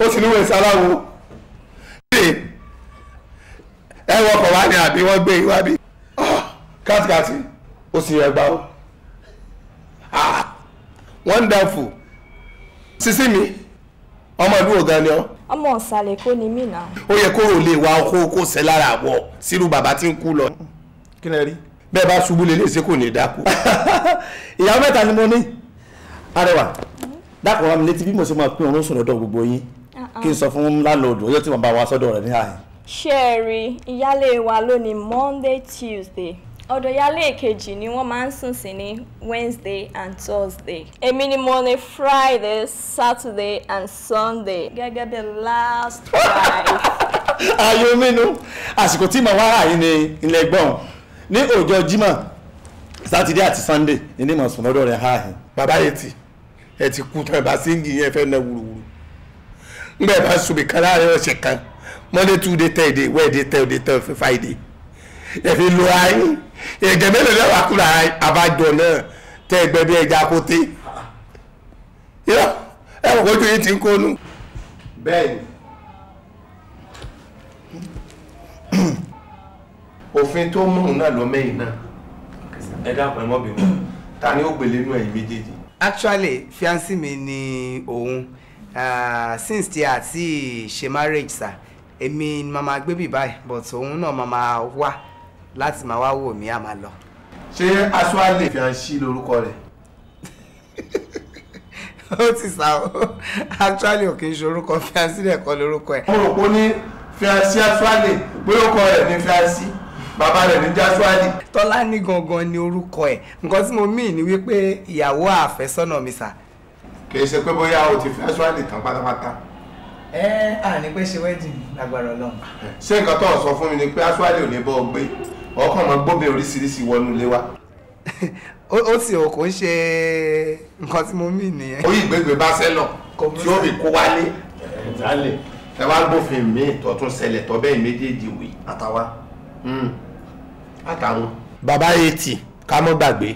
ó sì níwèé sáláwo ẹ wọkọ̀ wá o àbí wọ́n gbé e wá bí ah, kátìkátì ah, mi ọmọ ìlú ògan ni ọ. ọmọ ọ̀sàlẹ̀ kò ni mí náà. ó yẹ kó o lè wa ọkọ̀ okó sẹ́ àwọ̀ sírú bàbá tí ń kú lọ. kí bẹ́ẹ̀ bá ṣubú lélẹ̀ ṣe kò ní dákú ìyàwó mẹ́ta ni mo ní arẹwà dákọ̀ wá mi létí bí mo ṣe máa pín oorun sùn lọ́dọ̀ gbogbo yín uh-uh. kí n sọ fún láńlọ́ọ̀dù ọjọ́ tí wọ́n bá wa sọ́dọ̀ rẹ̀ ní àyè. ṣẹ́ẹ̀rì ìyálé wa lónìí Monday Tuesday ọ̀dọ̀ ìyálé èkejì ni wọ́n máa ń sùn sí ní Wednesday and Thursday èmi ni mo ní Friday Saturday and Sunday gẹ́gẹ́ bí last wife. ayọ̀ mi nu àsìkò tí màá wá rà yín ilẹ̀ gbọ̀n ní ọjọ́ Jímọ̀ sátidé àti sannde ní mọ̀ sùn lọ́dọ̀ rẹ̀ háàhìn. bàbá yẹn ti ẹ ti kú tán ẹ bá síngì yẹn fẹ́ na wùrùwùrù ngbà ẹ bá sùn bí kan ọ̀sẹ̀ kan monday tuesday thursday wednesday thursday thursday friday ẹ fi lo ayé ẹ̀gẹ́ mélòó náà wà kúrò àbájọ náà tẹ́ ẹgbẹ́ bí ẹja kó té ẹ wọ́n kojú yìí ti ń kónú. bẹ́ẹ̀ni òfin tó mú un náà lọ náà ẹ dákun ẹ mọ́ bínú ta ni ó gbélé inú ẹ̀yin méjèèjì. actually fiancé mi ni òun uh, since tí a ṣe marriage sa èmi ni màmá gbé bì báyìí but òun náà màmá wá láti máa wá wò mí àmà lọ. ṣé actually fiancé lórúkọ rẹ̀. ó ti sá o actually òkè ìṣorúkọ fiancé rẹ̀ kọ́ lórúkọ ẹ̀. mo rò pé ó ní fiancé actually pé ó kọ rẹ̀ ní fiancé. bàbá rẹ̀ ní tọ́lá tọ́lání gangan ni orúkọ ẹ̀ nǹkan tí mo mìn ni wípé ìyàwó àfẹ́sọ́nà mi sà. kì í ṣe pé bóyá o ti fẹ́ jáswálì tán pátápátá. ẹ à ní pé ṣe wedding lágbára Ọlọ́run. ṣé nǹkan tó sọ fún mi ni pé jáswálì ò ní bọ́ ọ gbé ọkàn mọ gbóbin oríṣiríṣi wọnú ilé wa. ó sì ò kò ń ṣe nǹkan tí mo mìn nìyẹn. ó yí ìgbégbé bá sẹ́lọ̀ tí ó fi kó wálé ẹ wá gbófin mi ìtọ́tún ṣẹlẹ̀ tọ́bẹ́ méjèèjì wì àtàwa. Hmm. àtàwọn. bàbá etí ká mọ́ gbàgbé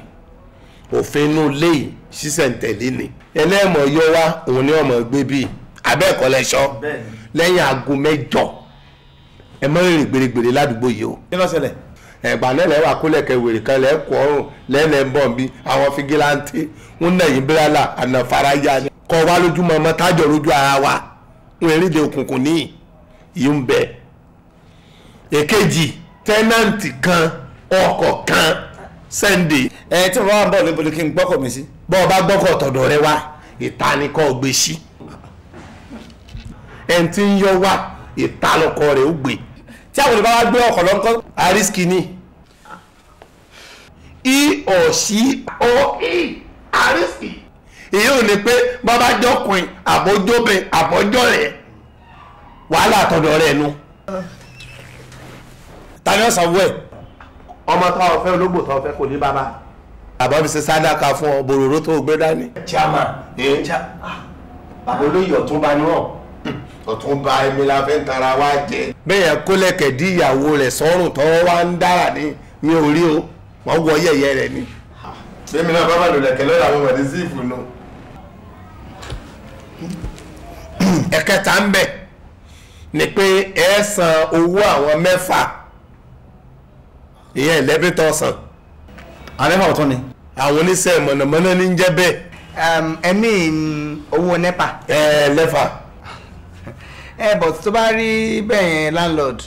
òfin inú ilé yìí ṣísẹ̀ntẹ̀lé ni ẹlẹ́mọ̀ yọ wá òun ni ọmọ gbé bíi abẹ́ẹ̀kọ́ lẹ́ṣọ́ lẹ́yìn aago mẹ́jọ ẹ mọ́ rìn gbèrègbèrè ládùúgbò yìí o. kí ló ṣẹlẹ̀. ẹ̀gbà náà lẹ́wà kólẹ̀kẹ̀ wèrè kan lẹ́kọ̀ọ́ ọ̀rùn lẹ́lẹ̀ ń bọ̀ bí àwọn fìgíláńtì ń nà yín bírálà ànàfàrà yá ni. kọ wá lójúmọ́ ọmọ tájọ lójú ara wa ń eréde òkùnkùn níyì yìí ń bẹ. èkejì tẹ́nàǹtì kan ọkọ̀ kan sẹ́ndì. ẹ tí mo bá wà ń bọ̀ níbo ni kí n gbọ́kọ̀ mi sí. bọ́ ọ bá gbọ́kọ̀ tọ̀dọ̀ rẹ wá ìta ni kò gbé sí. ẹni tí ń yọ wá ìta lọkọ ó gbé. tí àwọn olùbá gbé ọkọ̀ lọ́kọ́ àrísìkì ni. i ọ̀ sí O i àrísìkì. èyí ò ní pé bàbá jọkùnrin àbójóbin àbójọ rẹ wàhálà tọ̀dọ̀ rẹ nu. ta ni ọ̀sán wẹ̀ ọmọ táwọn fẹ́ ológbò táwọn fẹ́ kò ní bàbá àbá mi ṣe sádàkà fún ọ bòròró tó gbé dání. chama eh, ah, bàbá olóyè ọ̀túnba ni wọ́n ọ̀túnba ẹ̀mí la fẹ́ tara wá jẹ. bẹ́ẹ̀ kólẹ̀kẹ̀ dí ìyàwó rẹ̀ sọ́rùn tọ́wọ́ wá ń dára ní mi ò o wọ́n wọ yẹ̀yẹ́ rẹ̀ ni. sẹ́mi ah, náà bábà lòlẹ̀kẹ̀ la mi wà ní síìfù nù. ẹ̀kẹta ń bẹ̀ ni pé ẹ san owó àwọn mẹ́fà ìyẹn eleven thousand. àbẹ́fà ọ̀tún ni. àwọn oníṣẹ́ mọ̀nàmọ́ná ní ń jẹ́ bẹ́ẹ̀. ẹ̀mí owó nepa. ẹ lẹ́fà. ẹ eh, but tó bá rí bẹ́ẹ̀ yẹn landlord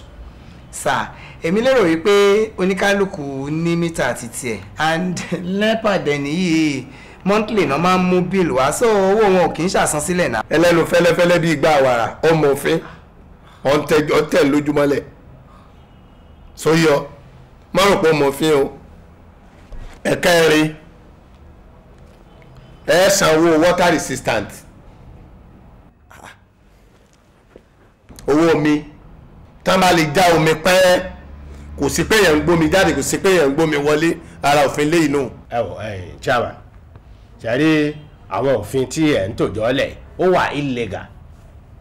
sir èmi lérò wípé oníkálukú ní mítà àti tiẹ̀ and nepa dẹ̀ nìyí monthly náà máa ń mú bill wá so owó wọn ò kì í ṣàsansílẹ̀ náà. ẹlẹ́nu fẹ́lẹ́fẹ́lẹ́ bíi igba àwàrà ọmọ òfin ọ̀ntẹ̀ lójúmọ́lẹ̀ sóyọ. So, má rò pé mòfin o ẹ̀kẹ́rin ẹ sanwó water resistant owó omi tán bá lè já omi pẹ́ kò sí pé yẹn ń gbómi jáde kò sí pé yẹn ń gbómi wọlé ara òfin lé inú. ẹ wò ẹ chama ṣàrí àwọn òfin tí ẹ ń tòjọ́ lẹ̀ ó wà illegal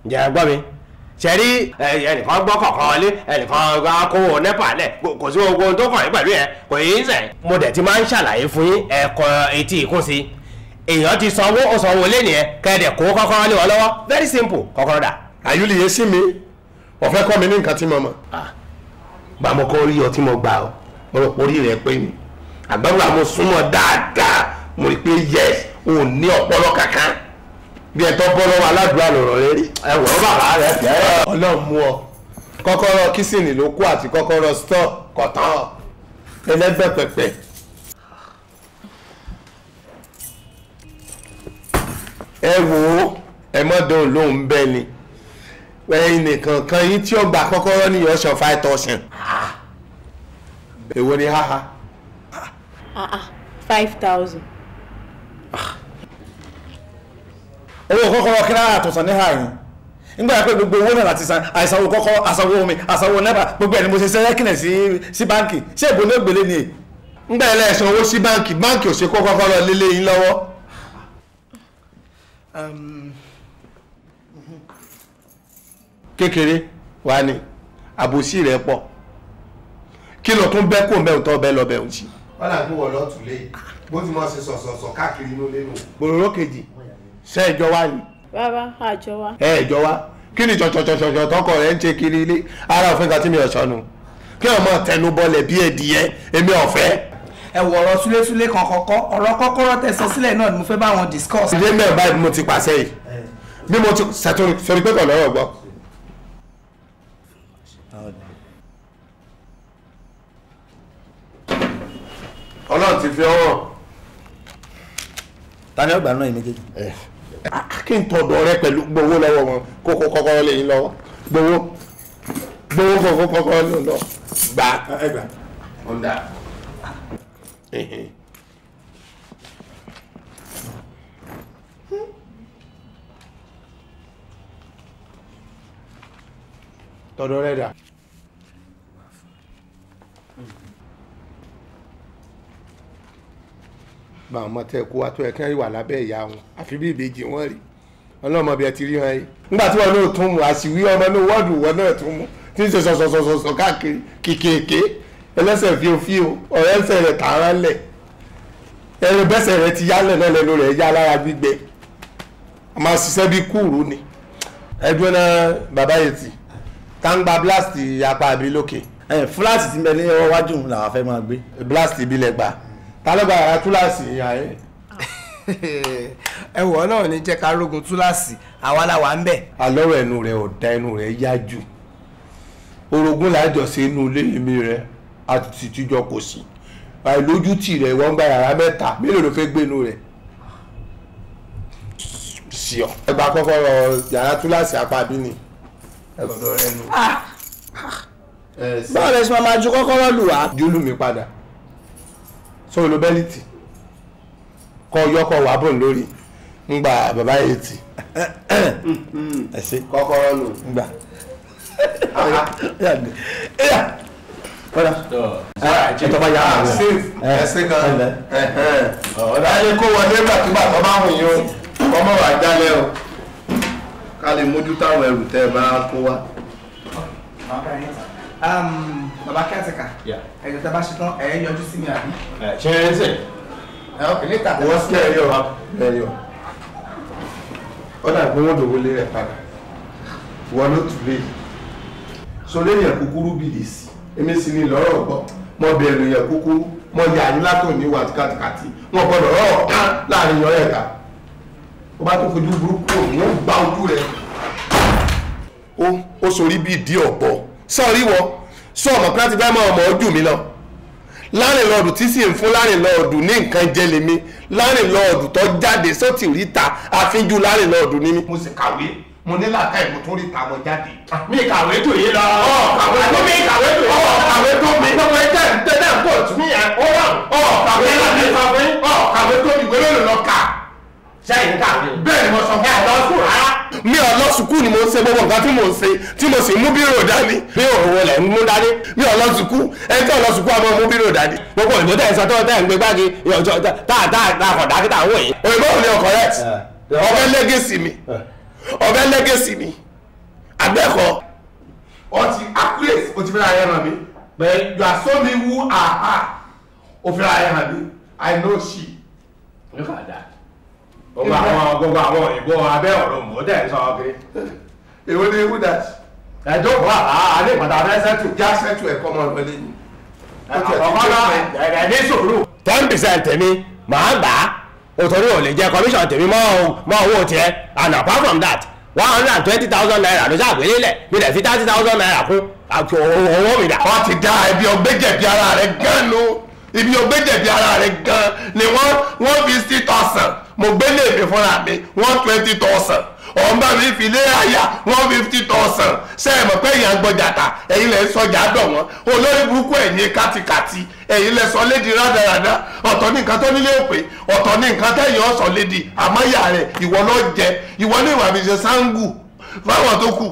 ǹjẹ́ ẹ mi ṣẹ́rí ẹnìkan gbọ́ kọ̀ọ̀kan lé ẹnìkan akówó nẹ́pà lẹ̀ kò sí ohun tó kàn yín pẹ̀lú ẹ̀ kò yín sẹ̀. mo dẹ̀ ti máa ń ṣàlàyé fún yín ẹ̀kọ́ etí ìkún èèyàn ti sanwó o sanwó lé nìyẹn kẹ́ẹ̀dẹ̀ kó kọ́kọ́rọ́ lé wọn lọ́wọ́ very simple kọ́kọ́rọ́ dà. àyùlì yé sí mi ọ̀fẹ́ kọ́ mi ní nǹkan tí mo mọ̀. gbàmọ̀ kọ́ orí mo gbà mi àgbàgbà mo súnmọ́ dáadáa mo bí ẹtọ bọ́ lọ́wọ́ aládùúrà rẹ rí ẹwọ bàbá rẹ tẹ. mú ọ kọ́kọ́rọ́ kísìnì ló kó àti kọ́kọ́rọ́ stọ kọtán ẹlẹgbẹ pẹpẹ. ẹ wò ó ẹ lóun ni ẹyin nìkan kan yín tí ó ní five thousand. èwo ni haha. Ah, ah, five thousand. Ah. owó kọ́kọ́rọ́ kíra àtọ̀sán ní ààyè nígbà pé gbogbo owó náà láti san àìsanwó kọ́kọ́ àsanwó omi àsanwó nẹ́bà gbogbo ẹ̀ ni mo ṣe sẹ́rẹ́kìnẹ̀ sí báǹkì ṣé èbó ní ògbélé ni. nígbà ilé ẹ̀sán owó sí báǹkì báǹkì ò ṣe kó kọ́kọ́rọ́ lélẹ̀ yín lọ́wọ́. Mhm. kékeré wa ni àbòsí rẹ̀ pọ̀ kí ló tún bẹ́ kó mẹ́rin tó bẹ́ lọ bẹ́ẹ̀ ń ṣe. wọ́n làgbó wọ̀ lọ́tùlé bó ti mọ̀ ṣe sọ̀sọ̀sọ̀ káàkiri inú lẹ́nu. gbòòrò kejì ṣé ìjọ wa ni. rárá àjọ wa. ẹ ìjọ wa kí ni jọjọjọjọjọ tọkọ rẹ ń ṣe kiri ilé ara òfin kan tí mi ò sọnù kí ọmọ tẹnu bọlẹ̀ bí ẹdìyẹ èmi ọ̀fẹ́. ẹ wọ ọ̀rọ̀ súlésúlé kan kọ́kọ́ ọ̀rọ̀ kọ́kọ́rọ́ tẹsán sílẹ̀ náà ni mo fẹ́ bá wọn discuss. ilé mẹ́rin báyìí mo ti pàṣẹ yìí bí mo ti ṣètò sori pé kò lọ́rọ̀ gbọ́. ọlọ́run ti fi ọwọ́. ta ni ọgbà náà yìí méjèèjì kí n tọ̀dọ̀ rẹ pẹ̀lú gbowó lọ́wọ́ wọn kókó kọ́kọ́rọ́ lẹ́yìn lọ́wọ́ gbowó gbowó kókó kọ́kọ́rọ́ lẹ́yìn lọ́wọ́ gbà ẹ gbà ọ̀dà. tọ̀dọ̀ rẹ dà. gba àwọn ọmọ tẹ kó wá tó ẹ kí wọn wà lábẹ́ ìyá wọn àfi bí ìbejì wọn rí ọlọ́mọ bí ẹ ti rí wọn yìí nígbà tí wọn náà tún mú àṣìwí ọmọ náà wọ́ọ̀dù wọn náà tún mú tí ń ṣe sọ̀sọ̀sọ̀sọ̀ káàkiri kìkèké ẹlẹ́sẹ̀ fíofío ọ̀rẹ́ ẹsẹ̀ rẹ̀ tààrà lẹ̀ ẹ̀rẹ̀ bẹ́sẹ̀ rẹ̀ ti yálẹ̀ náà lẹ́nu rẹ̀ yá lára gbígbẹ a máa ṣiṣẹ́ bí kúrú ni ẹdun náà bàbá yìí ti táǹgbà blast apá àbí lókè. ẹ fúláàsì ti ń bẹ ní ọwọ́ wájú làwọn fẹ́ máa gbé. blast ibi lẹ gbà ta ló gba yàrá túláàsì ìyá ẹ. ẹwọ náà ní jẹ́ ká rógun túláàsì àwa la wà ń bẹ̀. alọ́rọ̀ ẹnu rẹ ọ̀dà ẹnu rẹ yá jù orogún làjọṣe inú ilé mi rẹ àti tíjọ kò sí àìlójú tì rẹ wọ́n gba yàrá mẹ́ta mélòó ló fẹ́ gbénu rẹ̀ sí ọ. ẹ gba kọ́kọ́rọ́ yàrá túláàsì apábí ni ẹ lọ́dọ̀ rẹ nù. Ah! báwo lẹ ṣe máa ju kọ́kọ́rọ́ lù wá. jólù mi padà. so lo bẹ́lìtì kọ́ yọkọ̀ wà bò lórí ngbà bàbá yìí ngba. Ah, wa o baba kẹ́tìkà ẹ̀jọ̀ tá a bá ṣe tán ẹ̀ ń yọjú sí mi àbí. ṣe é ṣe. ẹ ọkè níta. wọ́n sí ẹ̀ yọ̀ ẹ̀ yọ̀ ó dà pé wọ́n dòwó lé rẹ̀ padà wọ́n ló tù lé so lẹ́yìn ẹ̀ kúkúrú bìlì sí èmi sì ni lọ́rọ̀ gbọ́ mo bẹ̀rù yẹn kúkúrú mo yà yín látòní wà kàtìkàtì wọn gbọdọ̀ rọ̀ kán láàrin yọrọ ẹ̀ka ó bá tó fojú burúkú òun ó gba ojú rẹ̀. ó ó sorí bíi ìdí ọ̀bọ sọ́ọ́rí wọ sọ ọmọ kan ti fẹ́ mọ ọmọ ọdún mi lọ lárìnlọ́ọ̀dù tí sì ń fún lárìnlọ́ọ̀dù ní nǹkan jẹ lèmi lárìnlọ́ọ̀dù tó jáde sọ́tì ríta àfínjú lárìnlọ́ọ̀dù ní mi. mo sì kàwé mo ní làákà ìmọ̀ tó ríta mo jáde. mi kàwé tó yé lọ. ọ kàwé tó mi kàwé tó mi. ọ kàwé tó mi. gbogbo ẹjẹ ń tẹ́lẹ̀ ń bọ̀ tún yẹn. ó wà ọ kàwé tó mi. ọ kàwé tó mi wẹ́rẹ́ lọ kà sẹ́yìn mi ò lọ sùkúù ni mo ń ṣe gbogbo nǹkan tí mo ń ṣe tí mo sì mú bírò dání bí òwò rẹ̀ ń mú dání mi ò lọ sùkúù ẹni tí ò lọ sùkúù àmọ́ mú bírò dání. gbogbo òyìnbó tẹ̀ ń sọ tọ́wọ́ tẹ̀ ń gbé gbági ìyọ̀jọ́ táà táà náà kọ̀ dákítà ń wò òyìnbó ò ní ọkọ̀ rẹ̀ ọbẹ̀ lẹ́gẹ̀sì mi ọbẹ̀ lẹ́gẹ̀sì mi àgbẹ̀kọ̀. ọtí accurate o ti fi you are so me who are ah, ah. her I know she. Look at that gbogbo àwọn gbogbo àwọn òyìnbó abẹ́ ọ̀rọ̀ mọ́tẹ́ sọ kiri. èwo ni ewu dat. ẹjọ́ kọ́ àlá alẹ́ ìpàdé abẹ́ sẹ́tù. já sẹ́tù ẹ̀kọ́ ọmọ ọ̀gbẹ́ lẹ́yìn. ọ̀kọ́ náà ní sùúrù. ten percent tèmi màá gbà á òtòrí ò lè jẹ commission tèmi mọ́ mọ́ owó tiẹ̀ and apart from that one hundred and twenty thousand naira ló ṣàgbélé lẹ̀ mi lè fi thirty thousand naira kún owó mi dà. wọ́n ti dá ibi ọgbẹ́jẹ̀bi ara rẹ̀ gan-an ibi ọgbẹ́jẹ̀bi ara rẹ̀ gan-an ni wọ́n wọ́n fi sí tọ̀sán mo gbélé mi fúnra mi one twenty thousand òun bá mi fi lé àyà one fifty thousand sẹ́yìn mọ̀ pé èèyàn gbọ́jà ta ẹ̀yin lẹ́ sọjà dọ̀ wọ́n olórí burúkú ẹ̀yin kátikáti ẹ̀yin lẹ́ sọ lédi rádaràdá ọ̀tọ̀ ní nǹkan tó nílé òpè ọ̀tọ̀ ní nǹkan tẹ̀yìn ọ̀sọ̀ lédi àmáyà rẹ̀ ìwọ ló jẹ ìwọ ní ìwà mi ṣe sangu fáwọn tó kù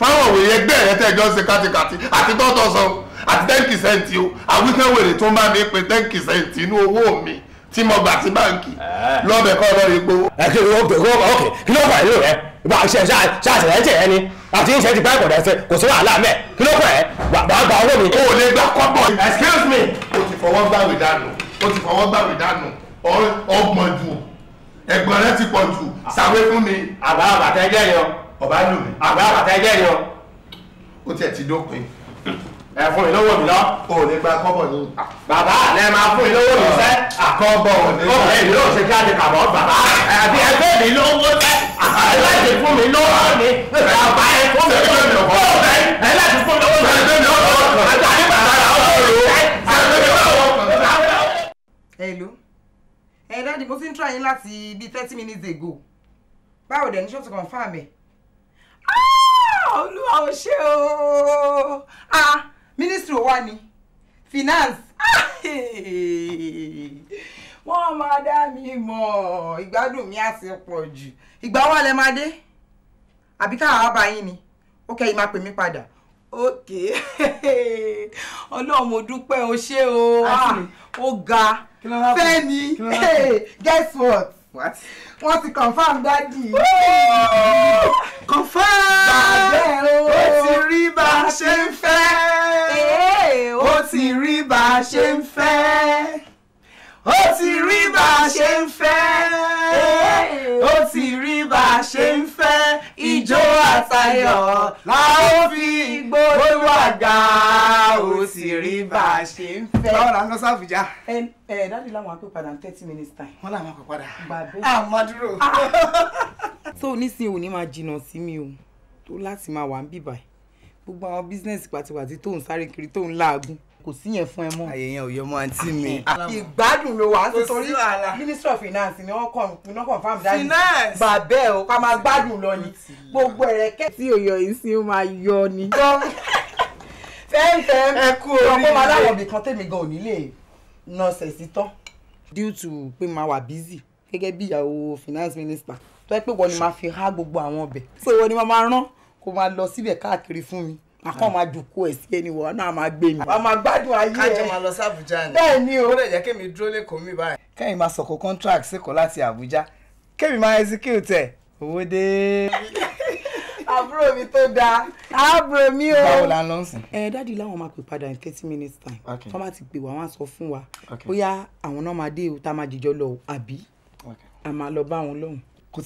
fáwọn òwe ẹgbẹ́ rẹ tẹ̀jọ́ ṣe kátikáti àti tọ́tọ̀ sọ àti ten percent o àwíkẹ́wèrè tó ń bá mi pe ten percent inú owó mi tí mo gbà sí báǹkì eh. lọ́bẹ̀ kọ́ lọ rí gbowó. ẹ eh, kí ló bẹ kó ọkẹ kí ló fà nílò rẹ ìgbà ṣe ṣàṣẹyẹ jẹ ẹni àti ìṣe ti báyìí kọ̀dọ̀ ẹsẹ̀ kò sí wàhálà mẹ́ kí ló fà ẹ wà á gba owó mi. o ò lè gbà kọ́bọ̀ excuse me o ti fọwọ́ gbàwé dànù o ti fọwọ́ gbàwé dànù ọgbọ̀n jù ẹ̀gbọ́n rẹ ti pọ̀ jù sàwé fún mi. àbá àbàtà ẹgẹ́ yọ ọ̀bá lù mí àbá àbàtà ẹgẹ́ yọ. ó tiẹ̀ ti dópin ẹ fún mi lówó mi lọ. o ò gba kọ́bọ̀ ní. bàbá lẹ máa fún mi lówó mi sẹ́. àkọ́bọ̀ ò ní. ó bẹ̀rẹ̀ ló ṣe jáde kàbọ̀ bàbá àbí ẹgbẹ́ mi lówó sẹ́. aláìsè fún mi lówó mi. bàbá ẹ fún mi lówó mi lọ́wọ́. ẹ láti fún mi lówó mi. ẹgbẹ́ mi lọ́wọ́ àgbà ní bàbá rà ó lò ó. hello ẹ dáàdi mo ti ń try yín láti bíi thirty minutes ago báwo dẹ̀ ní ṣó ti confirm ẹ̀ ah, olúwa ò ṣe o ah ministry wa ni finance ah, wọ́n máa dá mi mọ̀ ìgbádùn mi á ti pọ̀ jù ìgbà wo lẹ máa dé àbí káàá bá yín ni ó kẹ́ yín máa pè mí padà òkè ọlọ́run mo dúpẹ́ o ṣé o ah, ó ga fẹ́ ni guess what wọ́n ti confam dádì. confam. bàbá o. ó ti rí bá a ṣe ń fẹ́. ó ti rí bá a ṣe ń fẹ́ ó ti rí bá a ṣe ń fẹ́ ó ti rí bá a ṣe ń fẹ́ ijó àtayọ̀ la ó fi gbogbo àga ó ti rí bá a ṣe ń fẹ́. báwo la ń lọ sí Àbújá. ẹ ẹ dáàdi làwọn á padà thirty minutes time. wọ́n làwọn á pè padà. gbàgbé àmọ́ dúró. tó ah. o nísìnyí ò ní máa jìnnà sí mi o tó láti máa wà ń bìbà gbogbo àwọn bísíǹsì pàtìpàtì tó ń sáré kiri tó ń láàgùn kò sí yẹn fún ẹ mọ́. àyè ò yẹ mọ́ àǹtí mi. ìgbádùn ló wà nítorí minister of finance ni wọ́n kàn ní wọ́n kàn fáàmù finance bàbá ẹ o ká máa gbádùn lọ ni gbogbo ẹ̀rẹ̀kẹ́. tí òyò yìí sí ó máa yọ ni. fẹ́ẹ́fẹ́ ẹ kú oríire ọkọ máa láwọn ibì kan tèmi gan ò ní nọọsẹ̀ sí due to pé máa wà busy gẹ́gẹ́ bí ìyàwó finance minister tó yẹ pé wọ́n ni máa fi há gbogbo àwọn ọbẹ̀ so wọ́n ni máa máa rán kó máa lọ síbẹ̀ káàkiri fún mi akọ́ máa dùkú ẹ̀ sí ẹni wọ̀ọ́ náà máa gbé mi. a máa gbádùn ayé ẹ kájọ máa lọ sí Àbújá ni bẹ́ẹ̀ ni o. ó lè jẹ́ kémi dúró lẹ́kọ̀ọ́ mi báyìí. kẹ́yìn máa sọ̀kò contract sẹ́kọ̀ọ́ láti Àbújá kémi máa execute ẹ̀ owó dé. àbúrò mi tó dáa àbúrò mi o. báwo la ń lọ sìn. ẹ dádì láwọn máa pè padà in thirty minutes time tó bá ti pè wá wọn á sọ fún wa bóyá àwọn náà máa dé o tá a máa jìjọ lọ àbí a máa lọ bá wọn lọ́hùn. kò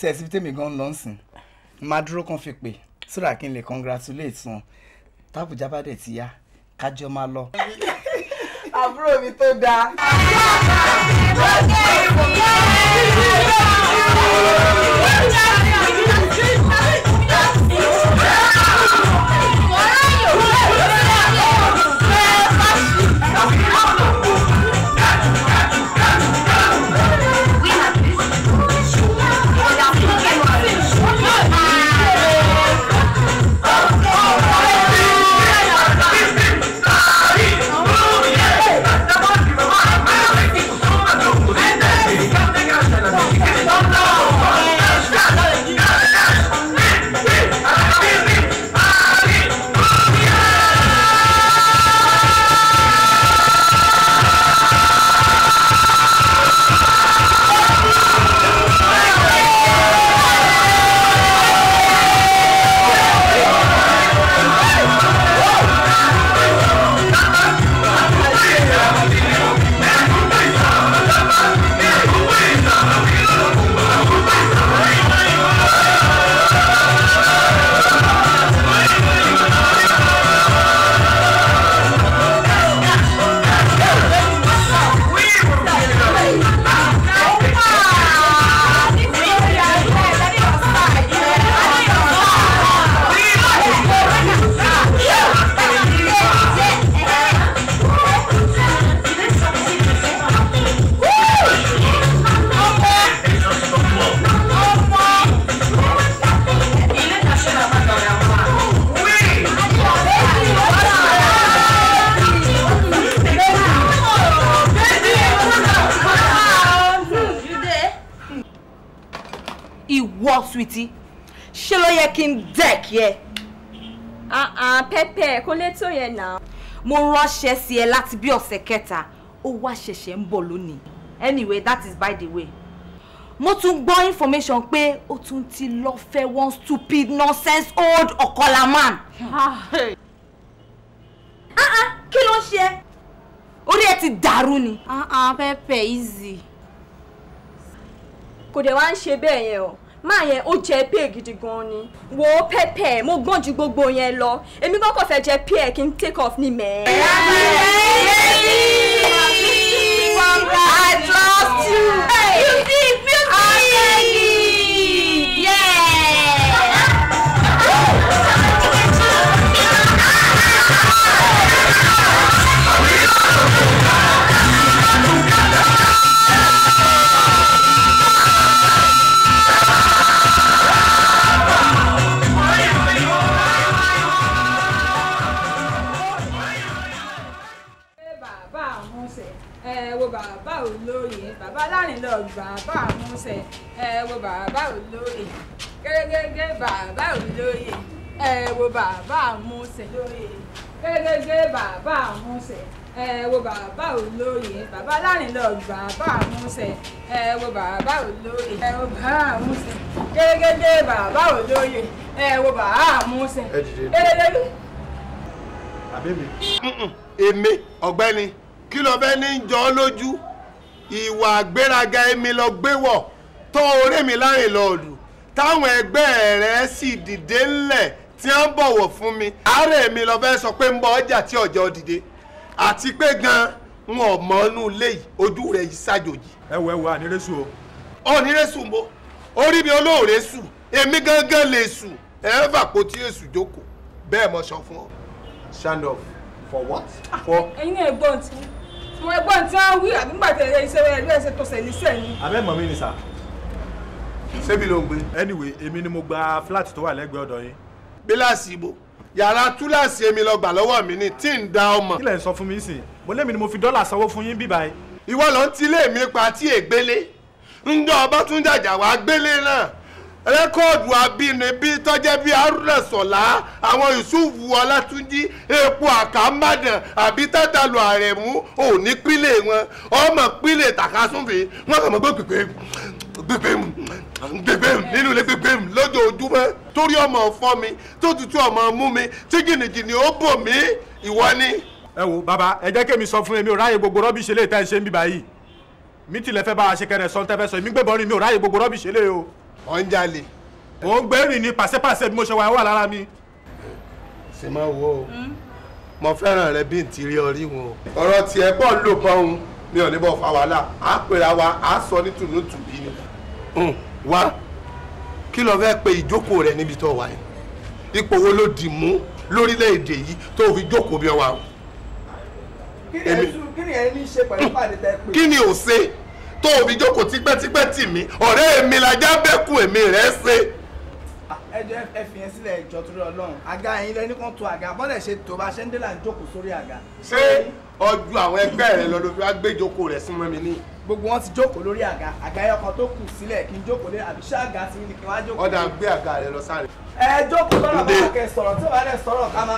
tí tábùjá bá dẹ̀ ti yá kájọ máa lọ. àbúrò mi tó dáa. ló ṣe ìwúkọ́ ìlú ìlú ìlú ìlú ìlú. sweetie ṣé ló yẹ kí n deck yẹ. Ah, ah, pẹ́pẹ́ kò lè tó yẹn náà. mo ránṣẹ́ sí ẹ láti bí ọ̀sẹ̀ kẹta ó wá ṣẹ̀ṣẹ̀ ń bọ̀ lónìí anyway that is by the way. mo tún gbọ́ information pé ó tún ti lọ fẹ́ one stupid nonsense old ọ̀kọ́lá man. Ah, kí ló ń ṣe ẹ́ orí ẹ ti dàrú ni. pẹ́pẹ́ easy. kò dẹ̀ wá ń ṣe bẹ́ẹ̀ yẹn o máa yẹn ó jẹ pé gidi gan ni wò ó pẹpẹ mo gbọ́n ju gbogbo yẹn lọ èmi kọ́kọ́ fẹ́ jẹ pé kí n take off ni mẹ. I trust you. Hey, you see, beauty. rìn lọ bàbá àmúṣẹ ẹ wo bàbá olóyè gẹ́gẹ́gẹ́ bàbá olóyè ẹ wo bàbá àmúṣẹ lóyè bàbá àmúṣẹ ẹ wo bàbá olóyè bàbá láàrin bàbá àmúṣẹ ẹ wo bàbá olóyè ẹ wo bàbá àmúṣẹ gẹ́gẹ́gẹ́ bàbá olóyè ẹ wo bàbá àmúṣẹ gẹ́gẹ́gẹ́. àbí mi. èmi ọ̀gbẹ́ni kí ló bẹ́ẹ̀ ní jọ lójú ìwà àgbéraga èmi lọ gbéwọ̀ tó orí mi láàrin lọ́ọ̀dù táwọn ẹgbẹ́ rẹ̀ sì dìde ńlẹ̀ tí wọ́n bọ̀wọ̀ fún mi àárẹ̀ mi lọ fẹ́ sọ pé ń bọ ọjà tí ọjọ́ dìde àti pé gan wọn ò mọ inú ilé yìí ojú rẹ̀ yìí ṣàjòjì. ẹ wo ẹ wo ànírésù o. ọ̀nírésù mo orí mi olóòrè sù èmi gángan lè sù ẹ fà pò tí èsù jókòó bẹ́ẹ̀ mo sọ fún ọ. stand for what. for. Ah, ẹ̀yin náà gbọ́n tí mo ẹgbọ́n tí wọ́n wí àbí nígbà tí iṣẹ́ rẹ̀ ló ẹsẹ̀ tó ní sẹ́yìn. abẹ́ mọ̀ mi ni sà ṣébi ló ń gbé. anyway èmi ni mo gba fúláàtì tó wà lẹ́gbẹ̀ẹ́ ọ̀dọ̀ yín. bíláàsì ibo yàrá túláàsì èmi lọ gbà lọ́wọ́ mi ni tí ń da ọmọ. kílẹ̀ ń sọ fún mi sìn mo lémi ni mo fi dọ́là sanwó fún yín bíbá yìí. ìwọ ló ń tilé mi pa tí ègbélé ń dọ́ ọba tún gbélé náà rẹ́kọ̀dù abínibí tọ́jẹ́ bíi haruna sọ̀lá àwọn yusufu ọlátúnjí epo àkàmàdàn àbí tẹ́tàlù àrẹ̀mú òní pílẹ̀ wọn ọmọ pílẹ̀ tàkásùnfì wọn kàn mọ́ gbé pípé gbígbé mu gbígbé mu nínú ilé gbígbé mu lójoojúmọ́ torí ọmọ ọ̀fọ́ mi tó tutù ọmọ mú mi tí jìnnìjìnnì ó bò mí ìwọ ni. ẹ wo bàbá ẹ jẹ́ kémi sọ fún èmi ò ráyè gbogbo rọ́bì ṣe lè tẹ́ ẹ ṣe ń bíbá yìí mi tilẹ̀ fẹ́ bá a ṣe kẹrẹ̀ sọ́ńtẹ́fẹ́ sọ èmi gbébọn ni mi ò ráyè gbogbo rọ́bì ṣe lè o ọ̀ ń jalè. mò ń gbẹ́rìn ní pàṣẹpàṣẹ bí mo ṣe wà wà lára mi. ṣe máa wo o mo fẹ́ràn rẹ bí n ti rí orí wọn. ọ̀rọ̀ tiẹ̀ pọ̀ ń lò pọ́n òun mi ò ní bọ̀ fa wàhálà à á pera wa à á sọ ní tùnútùbí ni. wá kí lo fẹ́ pe ìjókòó rẹ níbi tó wà yìí ipò wo ló dì mú lórílẹ̀‐èdè yìí tó fi jókòó bí ọwà. kí ni ẹ ní ṣe pẹ̀lú pàdé tẹ pé. kí ni ò ṣe tó òbí jókòó tipẹ́tipẹ́ tì mí ọ̀rẹ́ mi lajá bẹ́kù èmi rẹ̀ ṣe. Ah, ẹjọ ẹ fi yẹn sílẹ̀ ìjọ torí Ọlọ́run àga ẹ̀yin lẹni kan tó àga bọ́lẹ̀ ṣe tó bá ṣe ń dé là ń jókòó sórí àga. ṣé ọjọ́ àwọn ẹgbẹ́ rẹ lọ ló fi wá gbé ìjókòó rẹ̀ sí mọ́mi ní. gbogbo wọn ti jókòó lórí àga àga ẹyọ kan tó kù sílẹ̀ kí n jókòó lé àbí ṣé àga ti ní kí wọ́n á jókòó. ọ̀dà gbé àga rẹ lọ sáré. ẹ jókòó lọ́rọ̀ bá kẹ sọ̀rọ̀ tí wàá dẹ̀ sọ̀rọ̀ ká má.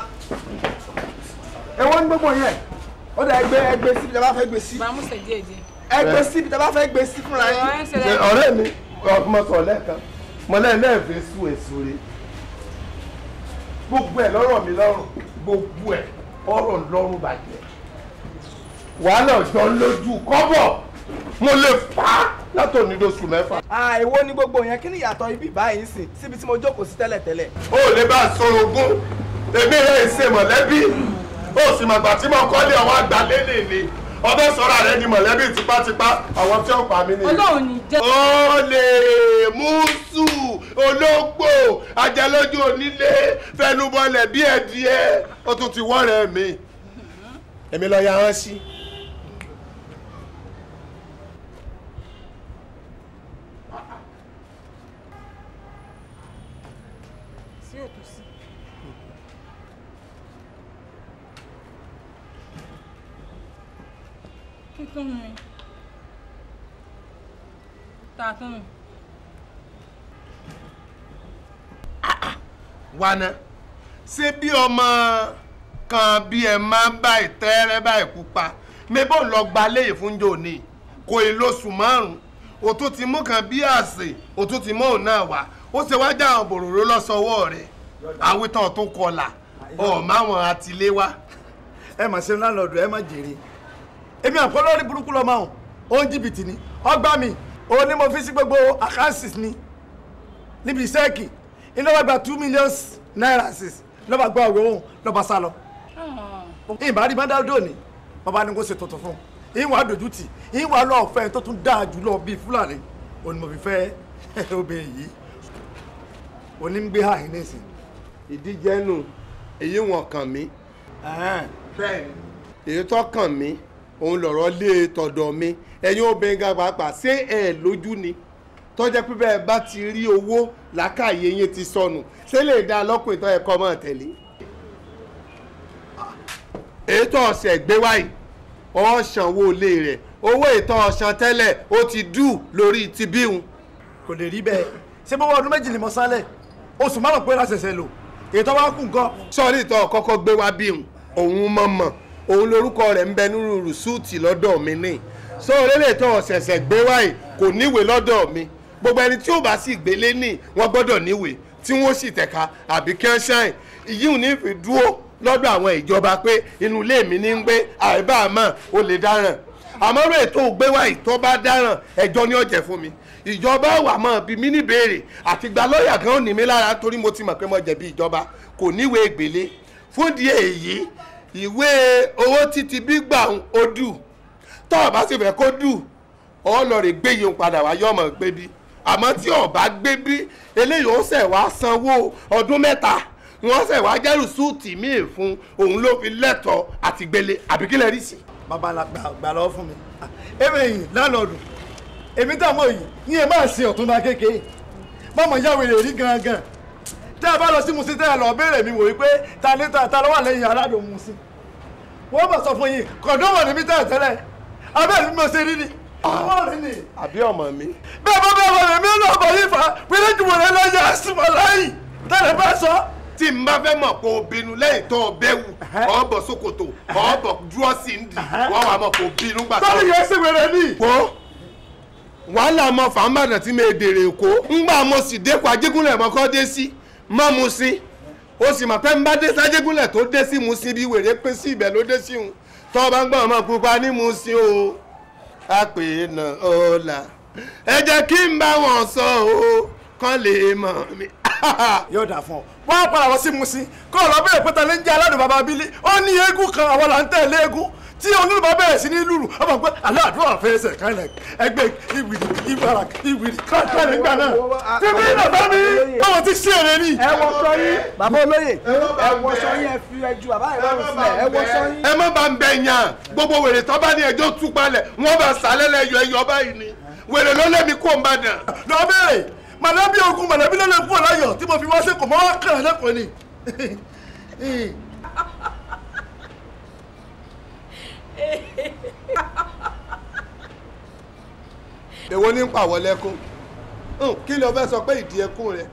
ẹ wọ́n ń gbogbo yẹn ọ̀dà ẹgbẹ́ ẹgbẹ́ síbi tí bá fẹ́ gbé màmú sẹ̀ díẹ̀ díẹ̀ ẹ gbé sí ibi tí a bá fẹ́ gbé sí fúnra yín. ọ̀rẹ́ mi ọmọ sọ lẹ́ẹ̀kan mọ̀lẹ́ lẹ́ẹ̀fẹ́ sùn èso re gbogbo ẹ̀ lọ́rọ̀ mi lọ́rùn gbogbo ẹ̀ ọ̀rọ̀ lọ́rùn bàjẹ́ wàhálà ọ̀jọ́ lójú kọ́bọ̀ mo lè fà á látòní lóṣù mẹ́fà. àìwo ni gbogbo yẹn kí ni ìyàtọ̀ ibi báyìí sìn síbi tí mo jókòó sí tẹ́lẹ̀tẹ́lẹ̀. ó lè bá a sọ̀rọ̀ ogún èmi rẹ̀ ṣe mọ̀lẹ́bí ó sì màgbà tí mo kọ́lé ọwọ́ àgbà lélẹ̀ ni ọbẹ̀ sọ̀rọ̀ rẹ ni mọ̀lẹ́bí tipátipá àwọn tí ó pa mí ni. ọlọ́run ní jẹ́. olè mùsù ológbò ajálójú onílé fẹnubọlẹ̀ bí ẹ̀dìẹ ó tún ti wọ́n rẹ̀ mi èmi lọ́ọ́ ya hàn sí. Si túnú ni tá a túnú. wànà ṣé bí ọmọ kan bí ẹ máa ń bá ìtẹ́rẹ́ báyìí pupa mébò ń lọ gba léyìí fún jòní kò ì lóṣù márùn-ún òtún ti mú kan bí àsè òtún ti mú òun náà wá ó ṣe wá já àwọn bòròró lọ́sọ̀wọ́ rẹ̀ àwítàn tó kọlà ọ̀ máwọn àtìléwá. ẹ mà ṣe ńlá lọ́dọ̀ ẹ má jèrè èmi àpò lórí burúkú lọ́mọ ọ̀hún òun jìbìtì ni ọgbà mi òun ni mo fi sí gbogbo àkáǹsì ni níbi sẹ́ẹ̀kì iná wàá gba two million naira six lọ́ba gba ọ̀rọ̀ òun lọ́ba sá lọ. Hmm. ìbá rí mọ́dá dòní bàbá ni kò ṣe tuntun fún un ìwà dòjútì ìwà lọ́ọ̀fẹ́ tó tún dáa jù bíi fúlàní òun ni mo fi fẹ́ obìnrin yìí òun ni ń gbé hàn ní ìsìn. nù èyí wọn kàn mí. bẹ́ẹ̀ ni. èyí tó kàn mí òun lọ̀rọ̀ lé e tọ̀dọ̀ mi ẹ̀yin obìnrin gan pàápàá ṣé ẹ̀ lójú ni tọ́jẹ́ pé bẹ́ẹ̀ bá ti rí owó làákàyè yín ti sọnù ṣé lè dá lọ́kùnrin tó ẹ̀kọ́ mọ̀ tẹ̀lé. ètò ọ̀sẹ̀ gbé wáyìí ọ̀ṣanwó ilé rẹ̀ owó ètò ọ̀ṣan tẹ́lẹ̀ ó ti dù lórí ti bíhun. kò lè rí bẹ́ẹ̀ ṣé bọ́wọ́ ọdún méjì ni mo sálẹ̀ oṣù márùn-ún péré àṣẹ̀ṣẹ̀ lò ètò wa kù nǹkan. sọ́ọ́lì tó kọ́kọ́ gbé wá bíhun òun mọ̀ mọ̀ òun lorúkọ rẹ̀ ń bẹ nínú rìsúùtì lọ́dọ̀ mi ní so orílẹ̀ tó ṣẹ̀ṣẹ̀ gbé wáyé kò níwèé lọ́dọ̀ mi gbogbo ẹni tí ò bá sì gbélé ní wọ́n gbọ́dọ̀ níwèé tí wọ́n sì tẹ̀ka àbí kí wọ́n ṣáìn ìyíùn ní fi dúró lọ́dọ̀ àwọn ìjọba pé inú ilé mi ní ń gbé àìbá àmọ́ ó lè dáràn àmọ́rò ètò ògbéwà ìtọ́ bá dáràn ẹjọ́ ni ó jẹ́ fún mi ìjọba wà mọ́ bí mi níbèrè àtìgbà lọ́ọ̀yà kan ò ní mi lára torí mo ti mọ̀ pé mo jẹ̀bi ìjọba kò níwèé gbélé fúndì èyí ìwé owó títí gbígbà ó dù tó o bá sì fẹ́ kó dù ọ lọ rè gbé yìí padà wá yọ ọmọ gbé bí àmọ́ tí o bá gbé bí eléyìí ó ṣẹ̀ wá sanwó ọdún mẹ́ta wọ́n ṣẹ̀ wá jẹ́rù súùtì míì fún òun ló fi lẹ́tọ̀ọ́ àti gbélé àbí rí sí. babalá gbà lọ fún mi èmi yìí lálọ́ọ̀dù èmi dààmú yìí ní ẹ máa ṣe ọ̀túnba kékeré mọ́mọ́ yáwèrè rí gangan tẹ́ ẹ bá lọ sí Mùsìn tẹ́ ẹ lọ béèrè mi wò wípé ta ni ta ló wà lẹ́yìn aládùn Mùsìn wọ́n bọ̀ sọ fún yín kọ̀dọ́mọ̀ ni mí tẹ́lẹ̀ tẹ́lẹ̀ abẹ́rẹ́ mi mo ṣe rí ni. àbí ọmọ mi. bẹ́ẹ̀ bá bẹ́ẹ̀ wọlé mi lọ bọ̀ yín fa pínlẹ̀ jùmọ̀ rẹ lọ yà sùmọ̀ láyìn tẹ́lẹ̀ bá sọ. tí n bá fẹ́ mọ̀ kó o bínú lẹ́yìn tó o bẹ́wù ọ̀ bọ̀ ṣòkòtò ọ̀ bọ̀ dúrọ́sì ń dì wọ́n wà mọ̀ kó o bínú gbàtọ́. sọ́ni yẹn ṣe wẹ̀rẹ̀ ní. wo wàhálà mọ́ mu sí o sì mọ̀ pé ń bá dé sájégúnlẹ̀ tó dé sí mu sí bí wèrè pé sí ibẹ̀ ló dé sí òun tó bá ń gbọ́ ọmọ pupa ní mu sí o a pè é nà ó ẹ jẹ́ kí n bá wọn sọ o kán lè mọ̀ mi. yóò dà fún ọ wọn á padà wọ sí mu sí kó o lọ bẹ́ẹ̀ pé ta ló ń bàbá abílí ó ní eégún kan àwọn là ń tẹ̀lé eégún tí onílùbọ bẹ̀rẹ̀ sí ní lùlù ọmọ pé aláàdúrà fẹsẹ̀ kálẹ̀ ẹgbẹ́ ìwìrì ìbára ìwìrì kíláàkíláà nígbà náà tèmi bàbá mi báwo ti ṣe èrè ni. ẹ wọ sọyìn bàbá olóyè ẹ wọ sọyìn ẹ fi ẹjú bàbá ẹ lọrùn sílẹ̀ ẹ wọ sọyìn. ẹ má bá ń bẹ yàn gbogbo wèrè tó bá ní ẹjọ́ tú palẹ̀ wọ́n bá sàlẹ́lẹ̀ yọ ẹyọ báyìí ni wèrè ló lẹ́mi kó ń lọ bẹ́ẹ̀ èwo ní ń pàwọ́ lẹ́kún kí sọ pé ìdí ẹkún rẹ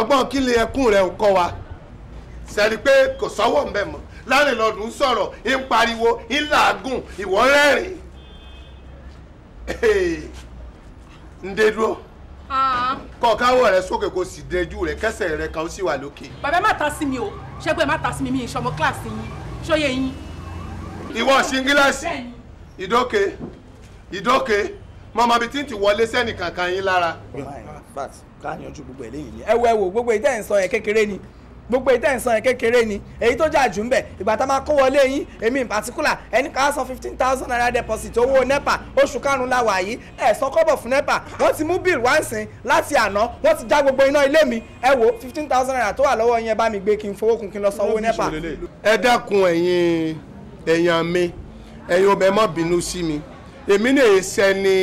ọgbọ́n kí rẹ wa sẹ́ni pé kò sọ́wọ́ mbẹ́ mọ́ láàrin lọ́dún sọ̀rọ̀ ń pariwo ń làágùn rẹ́rìn ń dé dúró ah. kan sì bàbá má ta sí mi o má ta sí mi mi ìṣọmọ kíláàsì yín ṣóyè yín ìwọ ṣingílẹ̀sì ìdókè ìdókè mọ̀mọ́ bíi tí ń ti wọlé sẹ́nì kankan yín lára. ká yanjú gbogbo eléyìí ni ẹ wo ẹ wo gbogbo ìtẹ́ ń sọ yẹn kékeré ni gbogbo ìtẹ́ ń san yẹn kékeré ni èyí tó jà jù ń bẹ̀ ìgbà tá a máa kó wọlé yín èmi in particular ẹni ká san fifteen thousand naira deposit owó nepa oṣù karùn-ún la wà yìí ẹ̀ san kọ́bọ̀ fún nepa wọ́n ti mú bill wá ń láti àná wọ́n ti já gbogbo iná ilé mi ẹ wo fifteen thousand naira tó wà lọ́wọ́ yẹn bá mi gbé kí n fowó kun kí n lọ san nepa. ẹ dẹ́kun ẹ̀yin èèyàn mi ẹ̀yin ọbẹ̀ má bínú sí mi èmi ní èsẹ́ni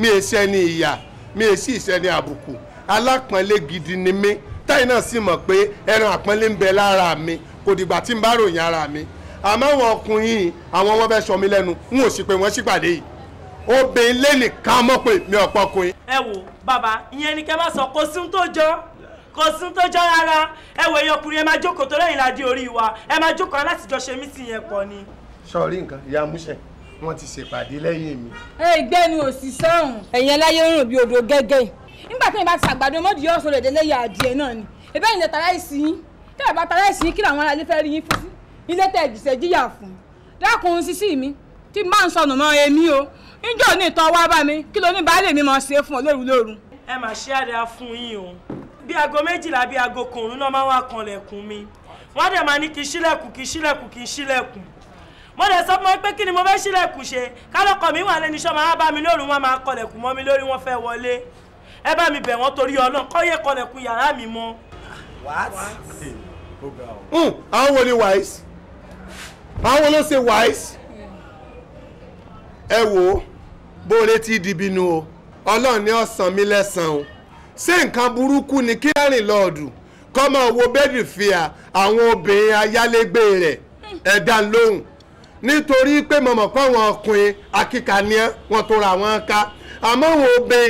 mi èsẹ́ni ìyà mi èsì ìsẹ́ni àbùkù alápọ̀nlé gidi ni mi táyìn náà sì mọ̀ pé ẹran àpọ́nlé ń bẹ lára mi kò dìgbà tí n bá ròyìn ara mi àmọ́ àwọn ọkùnrin àwọn wọn fẹ́ sọ mi lẹ́nu n ò sì pé wọ́n ṣèpàdé yìí obìnrin lẹ́nìkan mọ̀ pé mi ọ̀pọ̀ ọkùnrin. ẹ wo bàbá ìyẹn ni kẹ́ bá sọ kó sún tó jọ kò sún tó jọ rárá ẹ wò èèyàn ọkùnrin ẹ máa jókòó tó lẹ́yìn ládé orí wa ẹ máa jókòó láti jọ ṣe mí sí yẹn pọ̀ ni. sọ̀rí nǹkan ìyá múṣẹ wọn ti ṣèpàdé lẹ́yìn mi. ẹ ìgbẹ́nu òsì sọ́hùn. ẹ̀yin ẹláyé ń rùn bí odò gẹ́gẹ́ nígbà tí mo bá ti ṣàgbàdo mọ́dì yóò sọ̀rọ̀ èdè lẹ́yìn adìẹ náà ni ebe ìlẹ̀ tara ìsìn yín tẹ́ ẹ̀ bá tara ìsìn yín kí làwọn aráalé fẹ́ rí yín fún sí ilé tẹ́ ẹ̀ jìṣẹ́ jìyà fún dákun sísì mi tí n bá ń sọnù mọ́ èmi o níjọ́ ní ìtọ́ wá bá mi kí ló ní baálé mi mọ̀ ṣe fún olóru lóru. ẹ mà ṣe àdá fún yín o bí aago méjìlá bí aago kòrún náà máa wá kanlẹ̀kùn mi wọ́n dẹ̀ máa ní kí n ṣílẹ̀kùn kí n ṣílẹ̀kùn kí n ṣílẹ̀kùn mo dẹ̀ sọ fún wọn pé kí ni mo fẹ́ ṣílẹ̀kùn ṣe kálọ́kọ̀ mi wà lẹ́nu iṣẹ́ máa bá mi lóru wọn máa kanlẹ̀kùn mọ́ mi lórí wọn fẹ́ wọlé ẹ bá mi bẹ̀ wọ́n torí Ọlọ́run kó yé kanlẹ̀kùn yàrá mi mọ́. àwọn wo ni wise àwọn wo ló ṣe wise ẹ wo bó o retí dìbínú o Ọlọ́run ni ó san mí lẹ́san ṣé nǹkan burúkú ni kí rẹ́rìn lọ́ọ̀dù kọ́ máa wo bẹ́ẹ̀dì fìyà àwọn obìnrin ayálégbé rẹ̀ ẹ̀dá lóhùn nítorí pé mọ̀mọ́ pé àwọn ọkùnrin akíkanìyàn wọn tó ra wọn ká àmọ́ wọn ò bẹ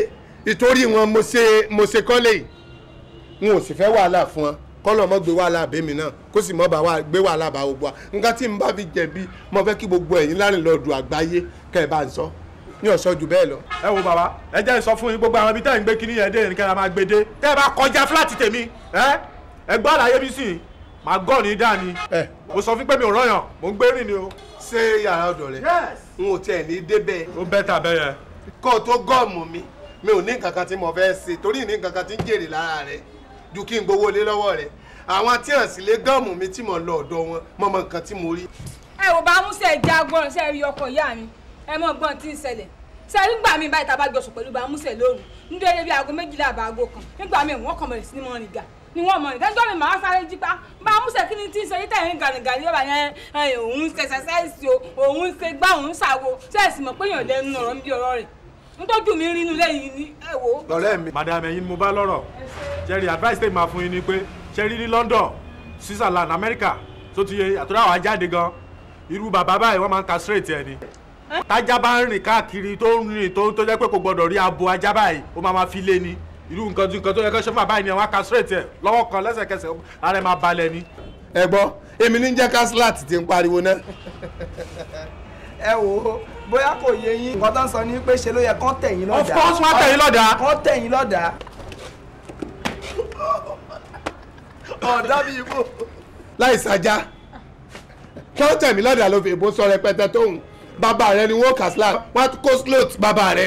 ìtorí wọn mo ṣe mo ṣe kọ́lé yìí wọn ò sì fẹ́ wàhálà fún wọn kọ́lọ̀ mọ́ gbé wàhálà àbẹ́mi náà kó sì mọ́ bá wa gbé wàhálà bá gbogbo wa nǹkan tí n bá fi jẹ̀bi mo fẹ́ kí gbogbo ẹ̀yin lárìn lọ́ọ̀dù àgbáyé kẹ́ ẹ bá ń sọ. So ní ọ̀sọ́ jù bẹ́ẹ̀ lọ. ẹ wo bàbá ẹ jẹ́ sọ fún yín gbogbo àwọn ibi tẹ́ ẹ̀ ń gbé kínní yẹn dé nìkan máa gbé dé tẹ́ ẹ bá kọjá fúláàtì tèmi ẹ ẹ gbọ́ àlàyé mi sìn màá gọ́ ní dání. ẹ mo sọ fún pé mi ò rọyàn mò ń gbé rìn ni o. ṣé yàrá ọ̀dọ̀ rẹ n ò tiẹ̀ ní débẹ̀. ó bẹ́ tà bẹ́ẹ̀ yẹn. kó o tó gọ́ọ̀mù mi mi ò ní nǹkan kan tí mo fẹ́ ṣe torí ní nǹkan tí ń jèrè lára rẹ ju kí n gbowó lé lọ́wọ́ rẹ àwọn tí hàn sí lé gọ́ọ̀mù mi tí mo lọ ọ̀dọ̀ wọn mọ̀mọ́ nǹkan tí mo rí. ẹ ò bá mú sẹ́ẹ̀ jagun ọ̀sẹ̀ rí ọkọ̀ ìyá mi ẹ mọ gbọ́n tí ń ṣẹlẹ̀ ṣe nígbà míì báyìí tá a bá jọsùn pẹ̀lú bá múṣẹ̀ bí aago méjìlá àbá kan nígbà míì wọ́n kàn bẹ̀rẹ̀ sí ní mọ́ ni wọ́n mọ̀ nígbà míì màá sáré jípa bá kí ni tí ń ṣe yí tẹ̀yìn gànìgànì yóò bá yẹn òun ṣe ṣẹṣẹ́sì o òun ṣe gbá òun ṣàwo ṣẹ́ẹ̀sì mọ̀ pé yàn lẹ́nu ọ̀rọ̀ ń bí ọ̀rọ̀ rẹ̀ ntọ́jú mi rí inú lẹ́yìn ní ẹ̀wò. lọ́rẹ́ mi. madam ẹ̀yin mo bá lọ́rọ̀ jerry advice tẹ̀ máa fún yín ni pé jerry ní London Switzerland America tó ti yẹ àtúrà wàá jáde gan irú bàbá báyìí wọ́n máa ń castrate ẹni. tájá bá ń rìn káàkiri tó ń rìn tó tó jẹ́ pé kò gbọ́dọ̀ rí abo ajá báyìí ó máa máa fi lé ni irú nǹkan nǹkan tó yẹ kó ṣe fún ni àwọn ẹ lọ́wọ́ kan lẹ́sẹ̀kẹsẹ̀ ara ẹ máa balẹ̀ ni. ẹ gbọ́ èmi jẹ́ ti ń pariwo náà. ẹ bóyá kò yé yín nǹkan tó ń sọ ni pé ṣe ló yẹ tẹ̀yìn lọ́dà. of course tẹ̀yìn lọ́dà. tẹ̀yìn lọ́dà. ọ̀dà bíi ibo. láì sájà tẹ̀mí fi bàbá rẹ ni wọ́n kà sílá wọ́n kó slot bàbá rẹ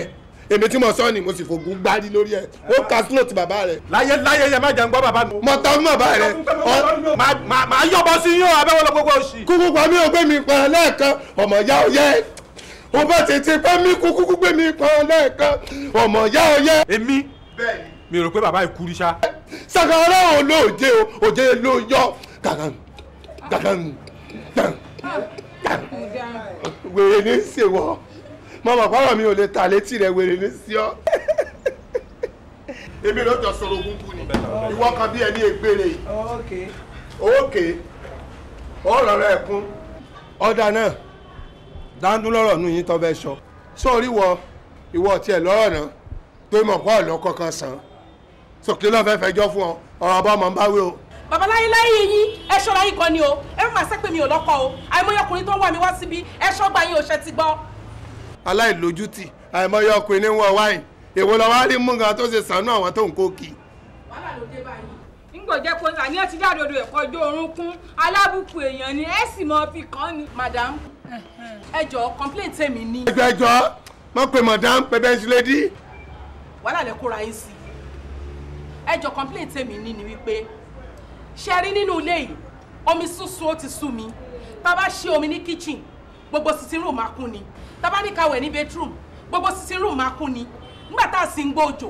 èmi tí mo sọ ni mo sì fògùn gbárí lórí ẹ ó ka slot bàbá rẹ. láyé láyé yẹ má jẹun gbọ́ bàbá mi. mo ta fún bàbá rẹ. màá yọ̀bọ sí yín o abẹ́wọ́ lọ gbogbo oṣù. kúkú pa mí ò gbé mi pa lẹ́ẹ̀kan ọmọ ya ò yẹ mo bá tètè pẹ́ mi kúkú gbé mi pa lẹ́ẹ̀kan ọmọ ya ò yẹ. èmi mi rò pé bàbá yìí kúrú sá. sàkàrà ò lóòjé o òjé ló yọ gàgàn gàgàn gàgàn wèrè ní ṣèwọ mo mọ̀ pọ́nrọ̀ mi ò lè ta létí rẹ̀ wèrè ní sí ọ. èmi ló jọ sọ̀rọ̀ ogun kù ni ìwọ kan bí ẹni ègbére yìí òkè ó rọrọ ẹkún. ọ̀dà náà dáńdún lọ́rọ̀ nù yín tọ́ bẹ́ẹ̀ sọ sórí wọ ìwọ tiẹ̀ lọ́rọ̀ náà pé mọ̀ pọ́ ọ̀lọ́ kankan sàn sókè lọ́fẹ̀ẹ́ fẹjọ́ fún ọ ọ̀rọ̀ ọba ọmọ ń bá wí o babaláyé láyé yín ẹ ṣọ́ra yín gan ni o ẹ má ṣe pé mi ò lọ́kọ o àìmọye ọkùnrin tó ń wà mí wá síbi ẹ ṣọ́gbà yín ò ṣe ti gbọ́. aláìlójútì àìmọye ọkùnrin ní wọn wáyìn èwo lọ wá rí mú nǹkan tó ṣe sànú àwọn tó ń kó kì í. wàhálà ló dé báyìí nígbò jẹ́ pé àníyàn ti dádodo ẹ̀kọ́ ọjọ́ orúnkún alábùkù èèyàn ni ẹ sì mọ fi kàn ni. madam ẹ jọ complaint tèmi ni. ẹgbẹ́ jọ mọ̀ pé madam pẹ̀bẹ́ ń ṣe lédi. wàhálà lẹ kóra yín sí i complaint tèmi ni ni wípé ṣe rí nínú ilé yìí omi sunsun ó ti sú mi tá a bá ṣe omi ní kitchen gbogbo sitting room máa kún ni tá a bá ní ká ní bedroom gbogbo sitting room máa kún ni nígbà tá a sì ń gbòòjò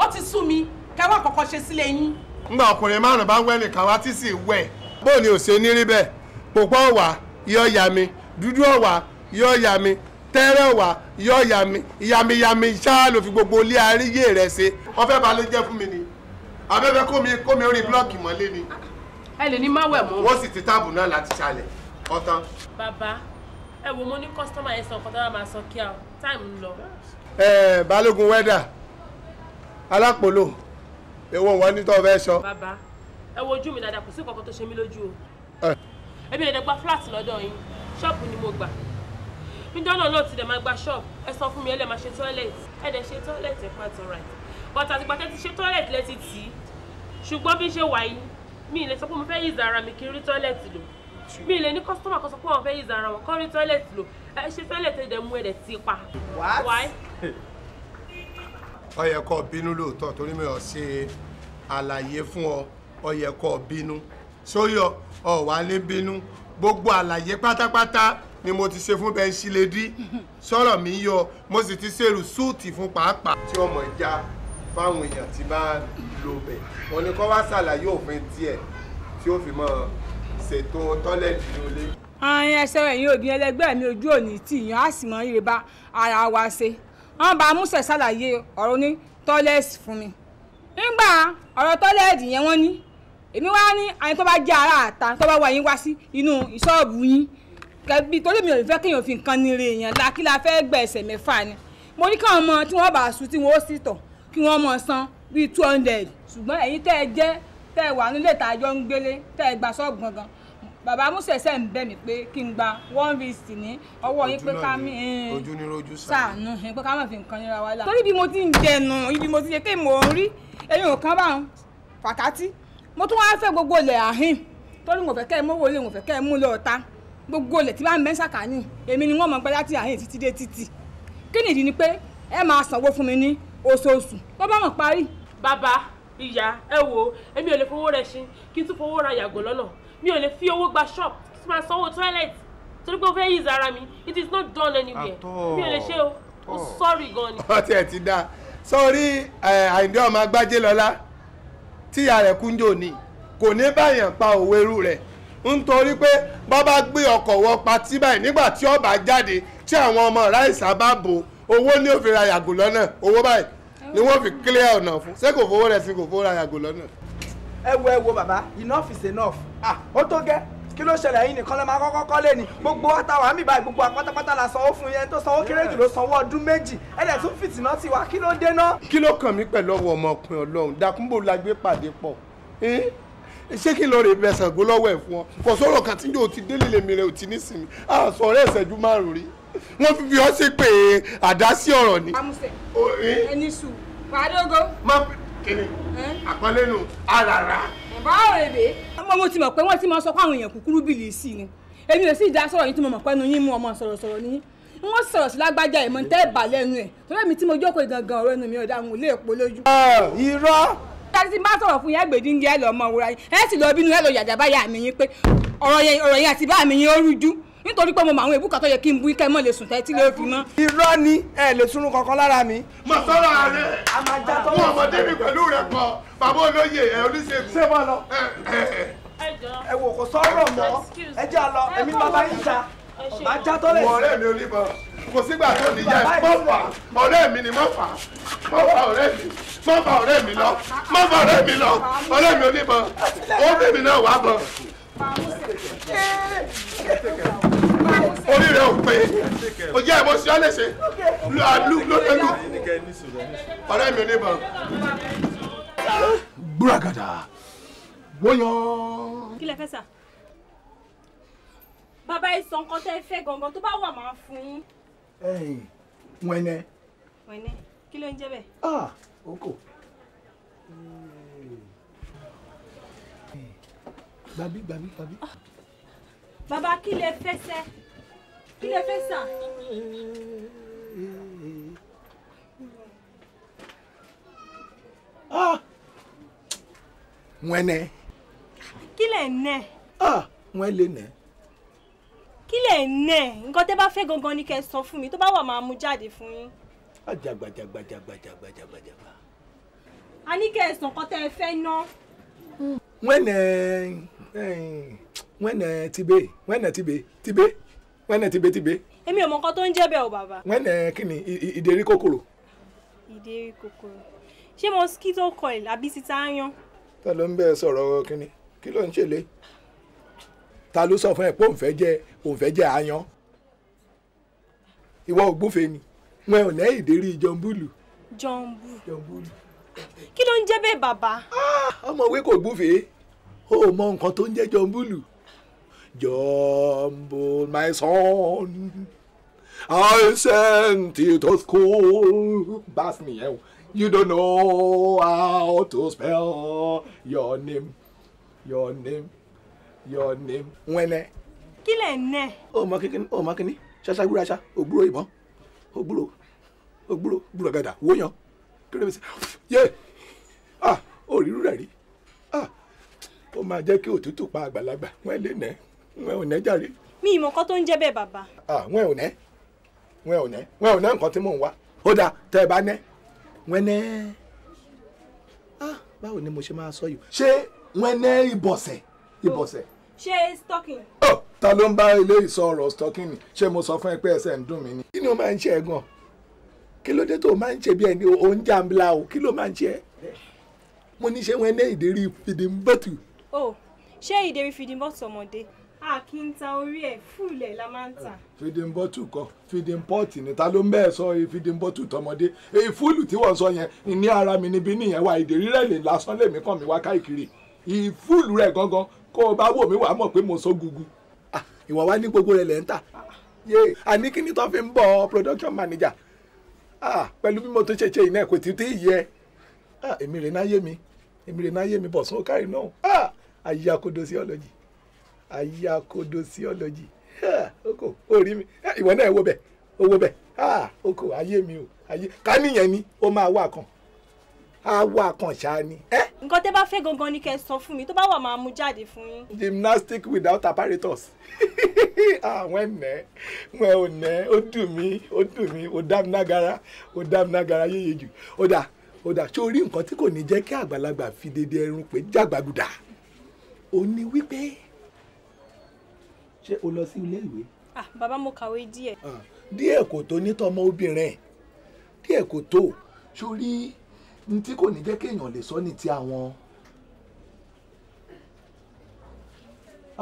ó ti sú mi kẹwàá kọ̀ọ̀kan ṣe sílé yín. ńgbà ọkùnrin márùn bá ń wẹ́ nìkan wá tí sì wẹ̀ bóò ni ò ṣe ní rí bẹ́ẹ̀ pòpọ̀ ọ̀wà yọ ya mi dúdú ọ̀wà yọ ya mi tẹ́rẹ̀ ọ̀wà yọ ya mi yamiyami ṣáà ló fi gbogbo ilé ayé rẹ̀ ṣe wọ́n fẹ́ balẹ̀ jẹ́ fún mi ni abẹ́fẹ́ kómi kómi orí búlọ́ọ̀kì mọ́lé ni. ẹ lè ní máwẹ̀ mọ́. wọ́n sì ti táàbù náà láti ṣàlẹ̀ ọ̀tán. bàbá ẹ wo mo ní kọ́sítọ́mà yẹn sọ nǹkan tó bá máa sọ kí a táìmù ń lọ. ẹ balógun wẹ́dà alápòlò èwo wọn ní tó o fẹ́ sọ. bàbá ẹ wo ojú mi dáadáa kò sí nǹkan tó ṣe mí lójú o. èmi lè gba fúláàtì lọ́dọ̀ yín ṣọ́ọ̀bù ni mo gbà níjọ́ náà náà ti dẹ̀ máa gba ṣọ́ọ̀bù ẹ sọ fún mi ẹ lè máa ṣe tọ́ẹ̀lẹ̀tì ẹ dẹ̀ ṣe tọ́ẹ̀lẹ̀tì ẹ pàtó right but àtìgbà tẹ́ ti ṣe tọ́lẹ̀tì lẹ́ti tì í ṣùgbọ́n bí ṣe wà yìí mi lè sọ pé mo fẹ́ yí ìzara mi kí n rí tọ́lẹ̀tì lò mi lè ní kọ́sítọ́mà kan sọ pé wọ́n fẹ́ yí ìzara wọn kọ́ rí tọ́lẹ̀tì lò ẹ ṣe tọ́lẹ̀tì ẹ̀dẹ̀ mú ẹ̀dẹ̀ ti pa. ó bínú lóòótọ́ torí mi ò ṣe àlàyé fún ọ ó bínú sóyọ ọ wà ní bínú gbogbo àlàyé pátápátá ni mo ti ṣe fún bẹ́ńsì lè dí sọ̀rọ̀ mi yọ mo sì ti ṣèrú súùtì fún pàápàá tí ọmọ ìjà fáwọn èèyàn tí bá lo bẹ̀ wọn ni kó wá ṣàlàyé òfin tiẹ̀ tí ó fi mọ́ ṣètò tọ́lẹ̀tì ní olé. ààyè ẹsẹ̀ rẹ̀ yín obìnrin ẹlẹgbẹ́ mi ojú òní tí ìyàn á sì mọ ire bá ara wa ṣe wọn bá amúṣẹ ṣàlàyé ọ̀rọ̀ ní tọ́lẹ̀tì fún mi nígbà ọ̀rọ̀ tọ́lẹ̀tì yẹn wọ́n ní èmi wá ní àyìn tó bá jẹ́ ara àta tó bá wá yín wá sí inú ìṣọ́ọ̀bù yín kẹbi torí mi ò fẹ́ kéèyàn fi nǹkan nire èèyàn la kí la fẹ́ mẹ́fà ni mo ní káwọn ọmọ tí wọ́n bá sùn tí wọ́n ó sì tọ̀ kí wọ́n mọ̀ san bíi two hundred ṣùgbọ́n ẹ̀yin tẹ́ ẹ jẹ́ tẹ́ ẹ wà nílé ìtajọ́ ń gbélé tẹ́ ẹ gbà sọ́ọ̀bù gangan bàbá Músẹ̀sẹ̀ ń bẹ̀ mí pé kí n gba one fifty ní ọwọ́ yín pé ká mi eh, ojú ní rojú sàánú pé ká má fi nǹkan nira wa la. torí bí mo ti ń jẹnu ibi mo ti ṣe pé mò ń rí ẹyin ò kán bá ń fàkátì mo tún wáá fẹ́ gbogbo ilẹ̀ àhín torí mo fẹ́ kẹ́ ẹ mú wọlé mo fẹ́ kẹ́ ẹ mú lọ ta gbogbo ilẹ̀ tí bá ń bẹ́ sàkání èmi ni wọ́n mọ̀ gbá láti àhín títí dé títì kí nìdí ni pé ẹ máa sanwó fún mi ní oṣooṣù tó bá mọ̀ parí. bàbá ìyá ẹ wo èmi ò lè fowó rẹ ṣin kí n tún fowó ra yàgò lọ́nà mi ò lè fi owó gba shop tí máa sanwó toilet torí pé ó fẹ́ yí ìzara mi it is not done anywhere mi ò lè ṣe o ó sọ́ọ̀rì gan ni. ọtí ẹ ti dáa sọrí àìndé ọmọ agbájé lọlá tíya rẹ kúndò ni kò ní báyàn pa òwe irú rẹ nítorí pé bàbá gbé ọkọ̀ wọ patí báyìí nígbà tí ọba jáde tí àwọn ọmọ ráìsà bá bò owó ní òfin ra yàgò lọ́nà owó báyìí ni wọ́n fi clear ọ̀nà fún ṣé kò fowó rẹ̀ sí kò fowó ra yàgò lọ́nà. ẹ wo ẹ wo bàbá enough is enough ah ó tó gẹ́ kí ló ṣẹlẹ̀ yín nìkan lẹ́ máa kọ́kọ́ kọ́lé ni gbogbo wa mí báyìí gbogbo apátápátá la sanwó fún yẹn tó sanwó kéré jù ló sanwó ọdún méjì ẹ̀dẹ̀ tún fìtìná ti wá kí ló dé náà. kí ló kàn mí pẹ̀lú ọwọ́ ọmọkùnrin ọlọ́run dakunbo la gbé pàdé pọ̀ ṣé kí n lọ rè bẹ̀sàn gbólọ́wọ́ ẹ̀ fún ọ kò sọ̀rọ̀ kàtíjọ́ ti délé lèmi rẹ̀ ò ti nísìnyí àṣọ ọ̀rẹ́ ìṣẹ́jú márùn-ún rí wọ́n fi fi ọ́ sí pé àdásí ọ̀rọ̀ ni. amúṣe ẹni sùn pàdógó. má kíni àpọ́nlé nù àràrà. báwo èdè. ọmọ mo ti mọ̀ pé wọ́n ti máa sọ pé àwọn èèyàn kúkúrú bìlì sí ni èmi ò sì dá sọ̀rọ̀ yín tí mo mọ̀ pé ẹnu yín mú ọmọ sọ̀rọ̀sọ̀rọ̀ ni wọ́n sọ̀rọ̀ sí lágbájá ìmọ̀ tẹ́ bà lẹ́nu ẹ̀ torí èmi tí mo jókòó gangan ọ̀rọ̀ ẹnu mi ọ̀dà àwọn olè èpo lójú. irọ́. dájú ti bá sọ̀rọ̀ fún yẹn gbèdéńgé ẹ lọ́ọ́ mọ yín ẹ sì lọ bínú ẹ lọ yàjà báyà mi yín pé ọ̀rọ̀ yẹn àti bá mi yín ó rújú nítorí pé mo mọ àwọn ìbúkà tó yẹ kí n bu ikẹ́ mọ́ lè sùn tẹ́tí lè fi mọ́. irọ́ ni ẹ lè sunrun kankan lára mi. mo sọ́ra rẹ̀ mo ọmọdé mi pẹ̀lú rẹ̀ kọ bàbá olóye ẹ̀ oníṣègùn. ṣé bọ́ lọ ẹ wò kò sọ̀rọ̀ mọ́ ẹ jẹ́ àlọ́ ẹ̀mí bàbá yìí ta bá já tọ́lẹ̀. wọ ọ̀rẹ́ mi ò ní bọ̀ kò sígbà tó ní yẹ mọ́ fà ọ̀rẹ́ mi ni mọ́ fà mọ́ fà ọ̀rẹ́ mi mọ́ fà ọ̀rẹ́ mi lọ mọ́ fà ọ̀rẹ́ mi lọ ọ̀rẹ́ mi ò ní bọ̀ ó bèbí náà wà bọ̀ orí rẹ ò pé o jẹ́ ìbọn sí ọ́lẹ́sẹ̀ lu àlù lọ́tẹ́lù ọ̀rẹ́ mi ò ní bọ̀. gbúragàdà wọ́yọ̀. kí lẹ fẹ́ sà bàbá ẹ sọ nǹkan tẹ́ ẹ fẹ́ gangan tó bá wà máa fún yín. ẹyìn wẹnẹ. wẹnẹ kí ló ń jẹ bẹ́ẹ̀. ah oko. Okay. gbàbí gbàbí gbàbí. bàbá kí lè fẹsẹ̀ kí lè fẹsà. wọ́n nẹ. kí lè nẹ. wọ́n lè nẹ. kí lè nẹ nǹkan tẹ́ bá fẹ́ gangan ni kẹ́ ẹ sọ fún mi tó bá wà máa mú jáde fún yín. ajagbajagbajagbajagbajagbajagba. a ní kẹ́ ẹ sàn kọ́tẹ́ ẹ fẹ́ ná. wọ́n nẹ wọ́n nà eh, tibé wọ́n nà eh, tibé tibé wọ́n nà eh, tibé tibé. èmi ò mọ nǹkan tó ń jẹ́ bẹ́ẹ̀ o bàbá. wọ́n nà kí ni ìdérí kòkòrò. ìdérí kòkòrò ṣé mosquito coil àbí ti tá a yan. ta ló ń bẹ sọ̀rọ̀ kínní kí ló ń ṣẹlẹ̀ ta ló sọ fún ẹ pé òun fẹ́ jẹ òun fẹ́ jẹ àyàn ìwọ ògbófe ni wọn ò lẹ́yìn ìdérí jọ̀ǹbùlù. jọ̀ǹbù jọ̀ǹbùlù. kí ló ń jẹ́ bẹ́ẹ̀ bàbá. Ah, ọmọ òwe kò gbúfèé o mọ nǹkan tó ń jẹ́ jọ̀ǹbùlù jọ̀ǹbùlù my son I sent you to school bass nìyẹn o you don't know how to spell your name your name your name. wẹ́nẹ́. kí lẹ̀ ń nẹ. o mọ kíkíní o mọ kíní ṣaṣa gbúra ṣá ògbúrò ìbọn ògbúrò ògbúrò gbúrò gàdà wóyan kí ló dé bẹ́sẹ̀ yé ah òrìrú rẹ̀ rí ah ó máa jẹ́ kí òtútù pa àgbàlagbà wọ́n lè nẹ́ wọ́n ò nẹ́ jàre. mi ìmọ̀ kan tó ń jẹ́ bẹ́ẹ̀ bàbá. wọ́n ò nẹ́ wọ́n ò nẹ́ wọ́n ò nẹ́ nǹkan tí mò ń wá ó dáa tẹ́ ẹ bá nẹ́ wọ́n nẹ́ báwo ni mo ṣe máa sọ yìí ṣé wọ́n nẹ́ ìbọ̀sẹ̀ ìbọ̀sẹ̀. Oh, ṣé stocking. ọ oh, ta ló ń bá ilé ìsọ ọ̀rọ̀ stocking ṣé mo sọ fún ẹ pé ẹsẹ̀ ń dùn mí ni. kí ni o máa ń ṣe ẹ gan kí ló dé tó o máa ń ṣe bí ẹni o ń jàǹbla o kí ló máa ń ṣe ẹ. mo ní ṣé wọ́n nẹ́ ìdérí fìdí ń bọ̀tù o oh, ṣé ìdérí feeding bottle ọmọdé a kì í ta orí fúlẹ̀ la máa ń tà. feeding bottle kọ́ feeding ló ń bẹ́ẹ̀ sọ feeding tọmọdé èyí fúlù tí wọ́n sọ yẹn ní ara mi níbi nìyẹn wa èdè rẹ̀ lè lásán lèmi kàn mí wá káàkiri gangan kó o bá wò mí wàá mọ̀ pé mo sọ gugu. Ah, wa ní gbogbo rẹ àní kí ni tó ń bọ̀ production manager pẹ̀lú ayakodosiology ayakodosiology oko orí mi ìwọ náà wo bẹ owó bẹ oko ayé mi o ayé ká nìyẹn ni ó máa wà kan á wà kan ṣáá ni. nǹkan tẹ́ bá fẹ́ gangan ni kẹ́ sọ fún mi tó bá wà máa mú jáde fún yín. gymnastic without apparatus àwọn ah, ẹnẹ wọn ò nẹ ó dùn mí ó dùn mí ó dá mi nágara ó dá mi nágara yéye jù ó dà ó dà sórí nǹkan tí kò ní jẹ́ kí àgbàlagbà fi dédé ẹrun pé jàgbàgùdà ò ní wípé ṣé o lọ sí ilé ìwé. ah bàbá mo kàwé díẹ̀. Ah, díẹ̀ kò tó ní tọmọ obìnrin díẹ̀ kò tó sórí ní tí kò ní jẹ́ kéèyàn lè sọ ní ti àwọn.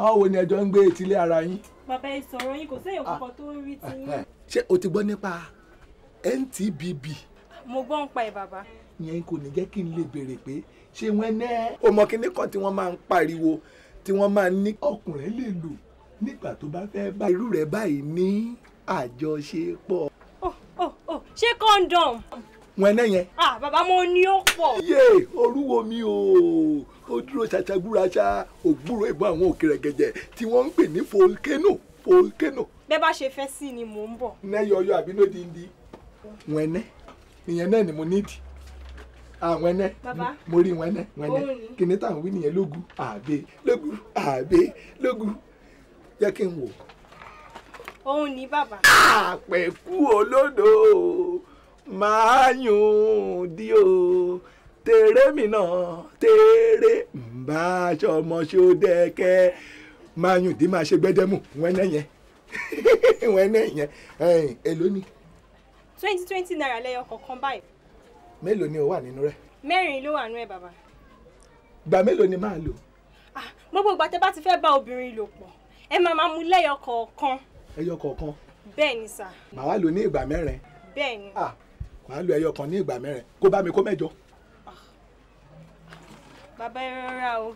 àwọn wo ni ẹjọ́ ń gbé etílé ara yín. bàbá ẹ sọ̀rọ̀ yín kò séèyàn ah. kankan tó ń rí ti yín. ṣé o ti gbọ́ nípa NTBB mo gbọ́ ń pa ẹ̀ bàbá. yẹn kò ní jẹ́ kí n lè béèrè pé ṣé wọ́n ná. o mọ kinní kan tí wọ́n máa ń pariwo tí wọ́n máa ní. ọkùnrin lè lò nígbà tó bá fẹ́ bá irú rẹ̀ báyìí ní àjọṣepọ̀. ó ó ó ṣé kọ́ńdọ̀m. wọ́n ná yẹn. ah bàbá mo ní ó pọ̀. yé orúwo mi o ó dúró ṣàṣàgbúraṣà ògbúrò ìbọn àwọn òkèrè gẹ̀jẹ̀ tí wọ́n ń pè ní volcano volcano. bẹ́ẹ̀ bá ṣe fẹ́ sí ni mò ń bọ̀. nẹ́yọ̀ọ́yọ̀ àbínú di ń di. wọ́n ìyẹn náà ni mo nídìí àwọn ẹnẹ mo rí wọn ẹnẹ wọn ẹnẹ kìnní táwọn wí nìyẹn lógu àbẹ lógu àbẹ lógu jẹ́ kí n wò. òun ni bàbá. àpẹ̀kú olódò máa yùn dí o tèrè mi náà tèrè ń bá aṣọ ọmọ ṣọdẹ́kẹ́ máa yùn dí máa ṣe gbẹ́dẹ́mù wọn ẹnẹ yẹn wọn ẹnẹ yẹn èló ni twenty twenty naira lẹ́yọ kọ̀ọ̀kan báyìí. mélòó ni o wà nínú rẹ. mẹ́rin ló wà nínú ẹ̀ bàbá. gbà mélòó ni máa lò. gbogbo ìgbà tẹ bá ti fẹ́ bá obìnrin lò pọ̀ ẹ máa máa mú lẹ́yọ kọ̀ọ̀kan. ẹyọ kọ̀ọ̀kan. bẹ́ẹ̀ ni sà. màá wá lò ní ìgbà mẹ́rin. bẹ́ẹ̀ ni. màá lò ẹyọ kan ní ìgbà mẹ́rin kó bá mi kó mẹ́jọ. bàbá ẹ rọra o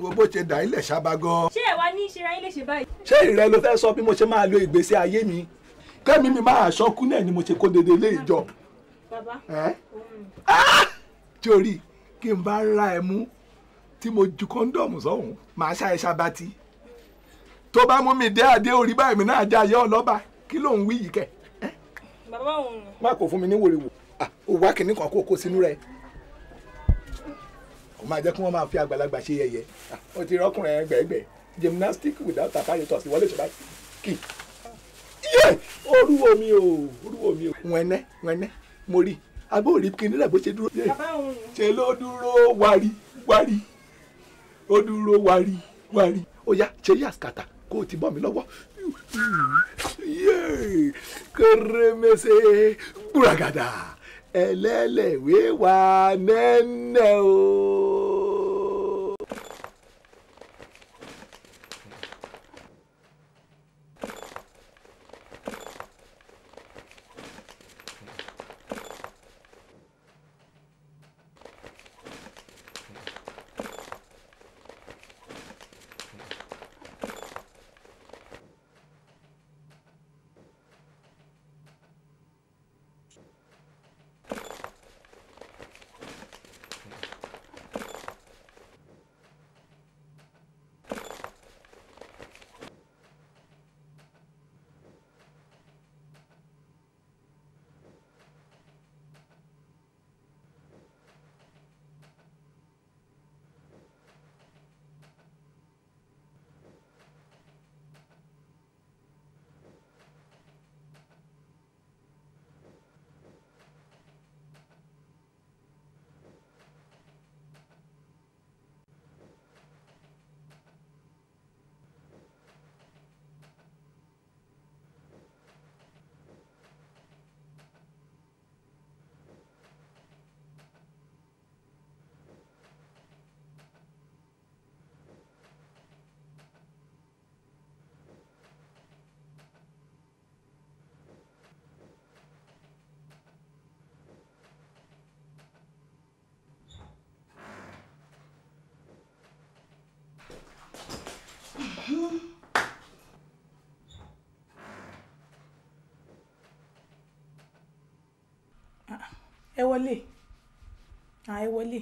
wo bó ṣe dà í lẹ̀ ṣábà gan. ṣé ẹ wá ní ìṣera yín lè ṣe báyìí. ṣé ìrẹ́ ló fẹ́ sọ bí mo ṣe máa lo ìgbésí ayé mi kẹ́mi mi máa ṣọ́kú náà ni mo ṣe kó dédé ilé ìjọ. bàbá torí mm. ah! kí n bá ra ẹ mú tí mo ju kọ́ńdọ̀mù sọ́hún màá ṣá ẹ ṣabatí tó bá mú mi dé adé orí báyìí mi náà já ayé ọlọ́ba kí ló ń wí yìí kẹ. bàbá òun. má kò fún mi ní wòrìwò ah! wá kìnnìkan kó o kó sínú rẹ kò máa jẹ́ kí wọ́n máa fi àgbàlagbà ṣe yẹ̀yẹ́ o ti rọ́kùnrin ẹ̀ gbẹ̀gbẹ̀ gymnastic without apparatus ìwọlé ìṣọba kì yé orúwo mi o orúwo mi o. wẹ́nẹ́ wẹ́nẹ́ mo rí agbó rí kí nílẹ̀ bó ṣe dúró. ṣe ló dúró wárí wárí ó dúró wárí wárí ó yá ṣe yí àkàtà kó o ti bọ́ mi lọ́wọ́ kéré gbúragàdà ẹlẹ́lẹ̀wé wà nẹ́nẹ́ o. ẹ wọlé ẹ wọlé.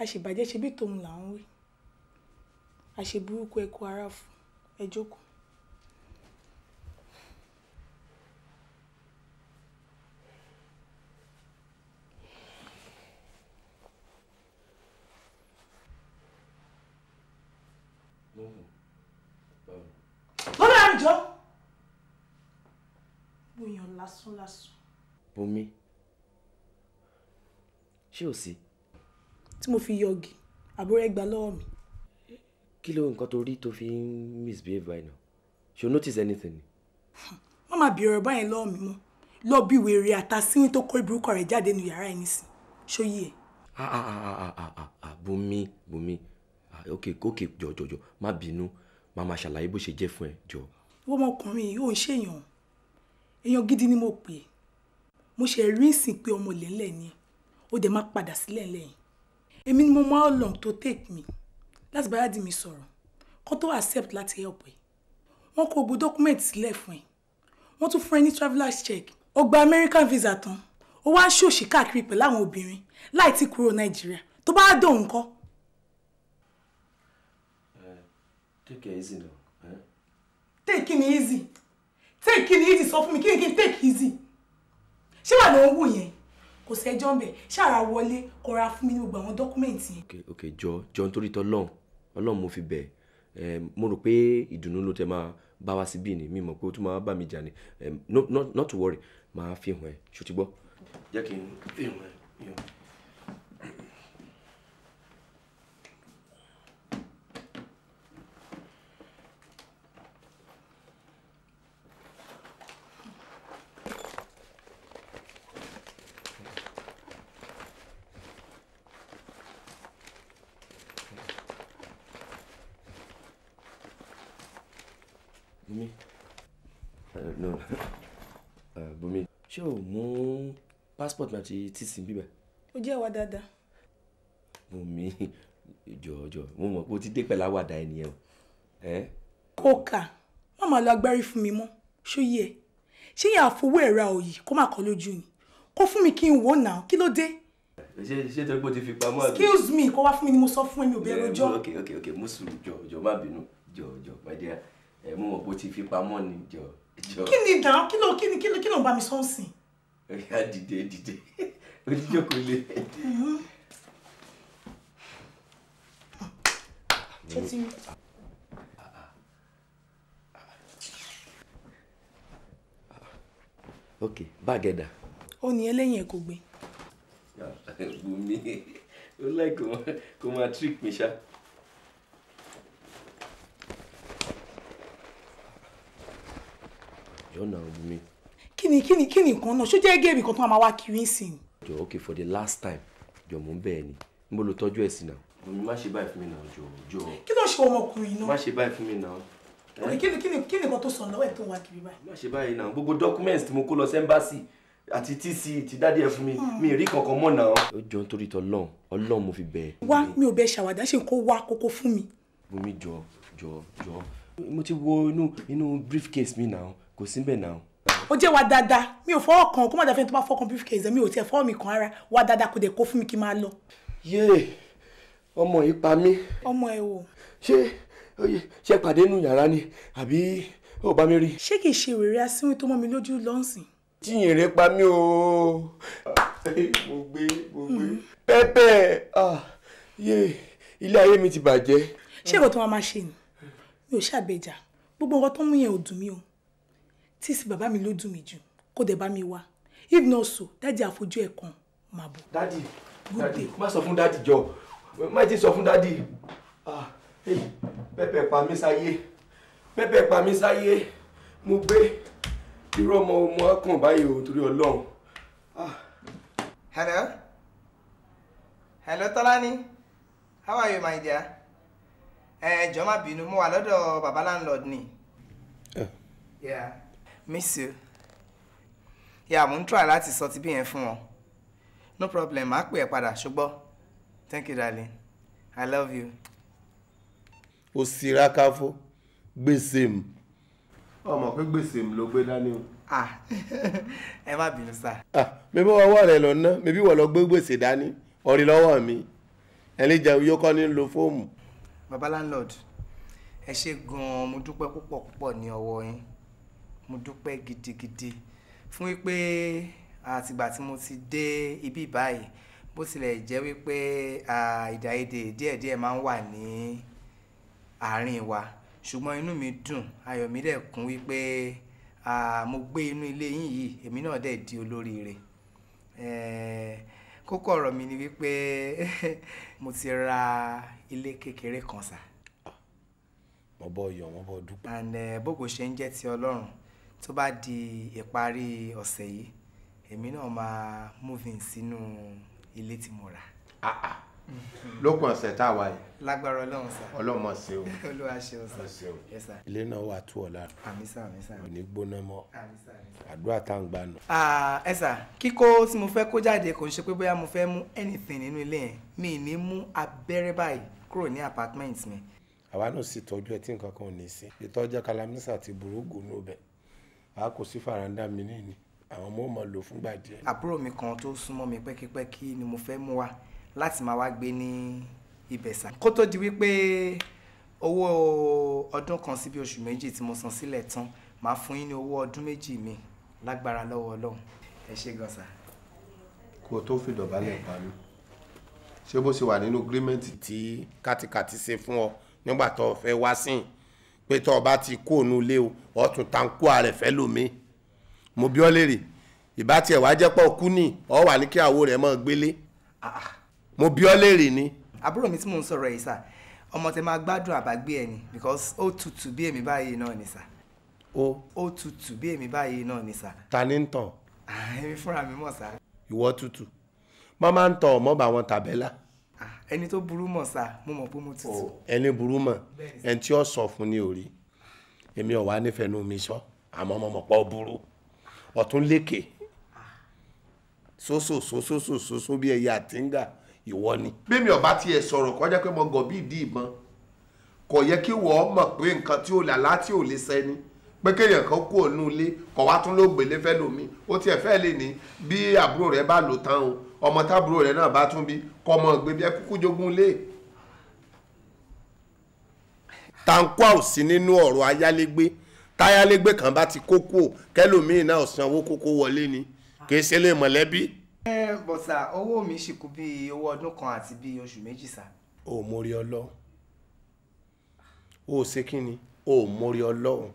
àṣebàjẹ́ ṣe bí tòun là ń wí àṣeburúkú ẹ kó ara fún ẹ jókòó. lásán lásán. Bùnmi ṣé ò sí. tí mo fi yọgi àbúrò ẹ gbà lọ́wọ́ mi. kí ló nǹkan tó rí tó fi ń misbehave right now ṣé o notice anything ni. má máa bí ọ̀rọ̀ báyẹn lọ́wọ́ mi mọ́ lọ bí wèrè àtàsíwìn tó kó ìbúrúkọ rẹ̀ jáde nínú yàrá ẹ̀ nísìn ṣó yí ẹ̀. Bùnmi Bùnmi okay okay jọ̀jọ̀jọ̀ má bínú má máa ṣàlàyé bó ṣe jẹ́ fún ẹ jọ. wọ́n mọkùnrin yìí ò ń ṣèyàn èèyàn gidi ni mo pè é mo ṣe rí ìsìn pé ọmọ lẹ́lẹ̀ ni ó dẹ̀ máa padà sílẹ̀ lẹ́yìn èmi ni mo mọ how long to take me láti bá dádì mi sọ̀rọ̀ kó tó accept láti help ẹ̀ wọ́n kó gbogbo document sílẹ̀ fún ẹ wọ́n tún fún ẹ ní travelers check ó gba American visa tán ó wá ń ṣòṣì káàkiri pẹ̀lú àwọn obìnrin láì tí kúrò Nàìjíríà tó bá dòun kọ́. Eh, take it easy now. Eh? take it easy take kí ni easy sọ fún mi kí ni kí n take easy ṣé wà ló ń wù yẹn kò sẹ́jọ́ ń bẹ̀ ṣàrà wọlé ọ̀rá fún mi ní gbogbo àwọn dọ́kúmẹ̀ntì yẹn. ok ok jọ jọ nítorí tọ́lọ́n ọlọ́run mo fi bẹ̀ ẹ mo rò pé ìdùnnú ló tẹ máa bá wa síbí ni mi mọ̀ pé ó tún máa bá mi jà ni no not to worry máa fi hàn ẹ ṣùtì gbọ́ jẹ́ kí n fi hàn ẹ. passport àti títì bíbẹ̀. o jẹ́ àwa dáadáa. mo mi jọ̀ọ́jọ̀ mo mọ̀ pé o ti dé pẹ̀lú àwàdà ènìyàn o. kó kà má máa lọ agbárí fún mi mọ́ ṣóyí ẹ̀ ṣé yẹn àfowó ẹ̀rọ àòyì kó má kọ́ lójú ni kó fún mi kí n wò náà kí ló dé. ṣé ṣé torí pé fi pamọ́ àbí. excuse me kó wá fún mi ni mo sọ fún ẹ mi ò bẹ̀rù ọjọ́. ok ok ok mo sùn jọ̀ọ́jọ̀ má bínú jọ̀ọ́jọ̀ pàdé ẹ mo mọ̀ pé o ti fi pamọ́ ni jọ̀ọ́. kí ni dàn kí ló kí ni kí ló kí ń bá mi sọ́ọ̀sìn oya dìde dìde oníjókòó lé. ok báàgì ẹ̀dà. ó ní ẹlẹ́yìn ẹ̀ kò gbé. bùnmi ó láì kó máa trick mi ṣá. yọ̀ọ́ náà bùnmi kíni kíni kíni kan náà ṣó jẹ́ géèmì kan tó máa wá kiri sìn. jọ okay for the last time jọ mò ń bẹ̀ ẹ́ ni níbo ló tọ́jú ẹ̀ sí náà. omi má ṣe báyìí fún mi náà jọ jọ. kí ló ṣe ọmọkùnrin náà. má ṣe báyìí fún mi náà. òkè kíni kíni kíni kan tó sọ̀rọ̀ lọ́wọ́ ẹ̀ tó wá kiri báyìí. má ṣe báyìí náà gbogbo documents tí mo kó lọ sẹ́ńbàṣì àti tc ti dáadé ẹ fún mi hmm. mi rí kankan mọ́ náà. ó jọ nítorí tọlọ́n ọlọ́run mo fi bẹ̀ ẹ́. wá mi ò bẹ ṣàwádà ṣe kó wá kókó fún mi. bùnmi jọ jọ jọ mo ti wo inú inú briefcase mi náà kò sí bẹ́ẹ̀ náà o jẹ́ wa dáadáa mi o fọwọ́ kan kó má dàbí ẹni tó bá fọkàn briefcase mi ò tiẹ̀ fọwọ́ mi kan ara wa dáadáa kò dẹ̀ kó fún mi kí n máa lọ. yéè ọmọ yìí pa mí. ọmọ ẹ wò. ṣé ṣe pàdé nù yàrá ni àbí ó bá mi rí. ṣé kìí ṣe ìrèrè asínwín tó mọ́ mi lójú lọ́nsìn. tíyìn rẹ pa mí o. mo gbé mo gbé. Mm-hmm. pẹ́pẹ́ yéè ilé ayé mi ti bàjẹ́. ṣé ìkọ̀ tó máa ma ṣe ni mi ò ṣàgbéjà gbogbo nǹkan tó mú yẹn ò dùn mí o tí sí mi ló dùn mí jù kó dẹ̀ bá mi wá if not so dáàdì àfojú ẹ̀ kan máa bọ̀. dáàdì dáàdì má sọ fún dáàdì jọ má ti sọ fún dáàdì ah, pẹpẹ pa mí sáyé pẹpẹ pa mí sáyé mo gbé irú ọmọ ọmọ ọkàn báyìí o torí Ọlọ́run. Ah. hello hello Tọ́lání how are you my dear ẹ jọ̀ọ́ má bínú mo wà lọ́dọ̀ baba landlord ni. Eh. Yeah. yeah. Monsieur. Yeah, I'm ń try that to sort bí yẹn fún No problem, I'll pè ẹ́ padà ṣùgbọ́n. Thank you darling. I love you. O sira káfó, gbèsè mu. Ọmọ pé gbèsè mu ló gbé o. Ah, ẹ má bínú sá. Ah, mebí wọ́n wọ̀ rẹ̀ lọ ná, mebí wọ́n lọ gbé gbèsè dání, ọ̀rì lọ́wọ́ mi. Ẹni jẹun yóò kọ́ ní lo phone. Baba landlord, ẹ ṣe gan-an mo dúpẹ́ púpọ̀ púpọ̀ ní ọwọ́ yín mo dúpẹ́ gidigidi fún wípé àtìgbà tí mo ti dé ibi báyìí bó tilẹ̀ jẹ́ wípé ìdàyèdè díẹ̀díẹ̀ máa ń wà ní àárín wa ṣùgbọ́n inú mi dùn ayọ̀ mi dẹ̀ kún wípé mo gbé inú ilé yín yìí èmi náà dẹ̀ di olóríire kókó ọ̀rọ̀ mi ni wípé mo ti ra ilé kékeré kan sà. mo bọ yọ mo bọ dúpẹ́. and bógo ṣe ń jẹ́ ti ọlọ́run tó bá di ìparí ọ̀sẹ̀ yìí èmi náà máa moving sínú ilé tí mo rà. Ah, ah. lókun ọ̀sẹ̀ tá a wá yìí. lágbára ọlọ́run sá. ọlọ́run mọ̀ sí o. olúwa ṣe o sá. ilé náà wà tó ọ̀la. àmì sá òní gbóná mọ́. àmì sá àdúrà tá à ń gbà nù. Ah, ẹ kíkó tí mo fẹ́ kó jáde kò ń ṣe pé bóyá mo fẹ́ mú anything nínú ilé yẹn mi ní mú abẹ́rẹ́ báyìí kúrò ní apartment mi. àwa náà sì tọ́jú ẹ tí nǹkan kan ò ní í sí ìtọ́jú kalamisa ti burú gùn ní ọbẹ̀ a kò sí faranda mi nìyí àwọn ọmọ ọmọ lò fúngbà díẹ̀. àbúrò mi kan tó súnmọ́ mi pẹ́kípẹ́kí ni mo fẹ́ mú wa láti máa wá gbé ní ibẹ̀sà. kó tó di wípé owó ọdún kan síbi oṣù méjì tí mo san sílẹ̀ tán màá fún yín ní owó ọdún méjì mi lágbára lọ́wọ́ ọlọ́run ẹ ṣe gan sa. kó o tó fi dọ̀bálẹ̀ pa mí ṣé bó ṣe wà nínú gírímẹ́ǹtì tí kátikàti ṣe fún ọ nígbà tó o fẹ́ wá sí i pé tó o bá ti kó ònú ilé o ọ̀tún tankó ààrẹ fẹ́ lómi mo bí ọ léèrè ìbá tiẹ̀ wá jẹ́ pọ̀ kú ni ọ wà ní kí àwo rẹ̀ mọ́ gbélé ah, ah. mo bí ọ léèrè ni. àbúrò mi tí mò ń sọ̀rọ̀ yìí sà ọmọ tẹ máa gbádùn àbágbé ẹ ni because ó tutù bí èmi báyìí náà ni sà ó ó tutù bí èmi báyìí náà ni sà. ta ni ń tàn. Ah, èmi fúnra mi mọ̀ sá. ìwọ tutù mọ́ máa ń tàn ọmọ bá wọn tàbẹ́là ẹni tó burú mọ̀ sá mo mọ̀ pé mo tutù. ẹni burú mọ̀ ẹni tí ó sọ fún ní orí èmi ò wá nífẹ̀ẹ́nu mi sọ àmọ́ mo mọ̀ pé ó burú ọ̀tún lékè sósòsòsòsòsò bí ẹyẹ àtìǹgà ìwọ ni. bẹ́ẹ̀ni ọba tiẹ̀ sọ̀rọ̀ kọjá pé mo gọ̀ bí ìdí ìbọn kò yẹ kí wọ́n mọ̀ pé nǹkan tí ó là láti ò lè sẹ́ni pé kéèyàn kan kú òun ilé kọ̀ wá tún ló gbélé fẹ́ lómi ó tiẹ̀ fẹ́ lè ní bí àbúrò rẹ̀ bá lò tán o ọmọ tábúrò rẹ̀ náà bá tún bí kọmọ ìgbébí ẹ kúkú jogún lé. tankwá ò sí nínú ọ̀rọ̀ ayálégbé táyálégbé kan bá ti kókó kẹlòmíín náà sanwó kókó wọlé ni kì í ṣe lè mọ̀lẹ́bí. ẹ bọ̀sà owó mi sì kù bíi owó ọdún kan àti bíi oṣù méjì sá. o ò mórí ọlọ́ o ò ṣe kí ni o ò mórí ọlọ́run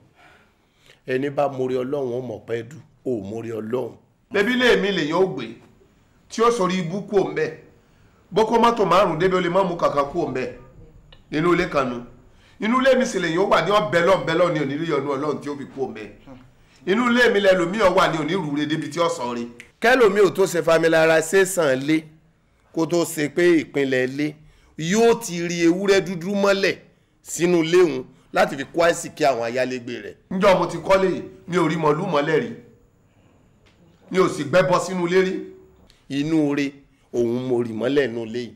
ẹni bá mórí ọlọ́run ó mọ̀ pẹ́ dù o ò mórí ọlọ́run. bébí lèmi lèyàn ó gbé tí ó sọ̀rọ̀ ibú kú òun bẹ́ẹ̀ bókó mọ́tò márùn-ún débi ó lè mọ́ mu kankan kú òun bẹ́ẹ̀ nínú ilé kan nu inú ilé mi sì lè yóò wà ní ọbẹ̀ lọ́nbẹ́lọ́ ni òní ríyọ̀nù ọlọ́run tí ó fi kú òun bẹ́ẹ̀ inú ilé mi lẹ́lòmíọ̀ wà ní òní rúure débi tí ó sọ rí. kẹ́lòmí ò tó ṣe familára ṣe sàn lé kó tó ṣe pé ìpínlẹ̀ lé yóò ti rí ewúrẹ́ dúdú mọ́lẹ̀ sínú ilé òun láti fi kó àìsí kí àwọn ayálégbé rẹ̀. ǹjọ́ mo ti kọ́lé mi ò rí mọ̀lú rí mi ò sì gbẹ́bọ sínú ilé rí inú re òun morì mọ́lẹ̀ nù léyìí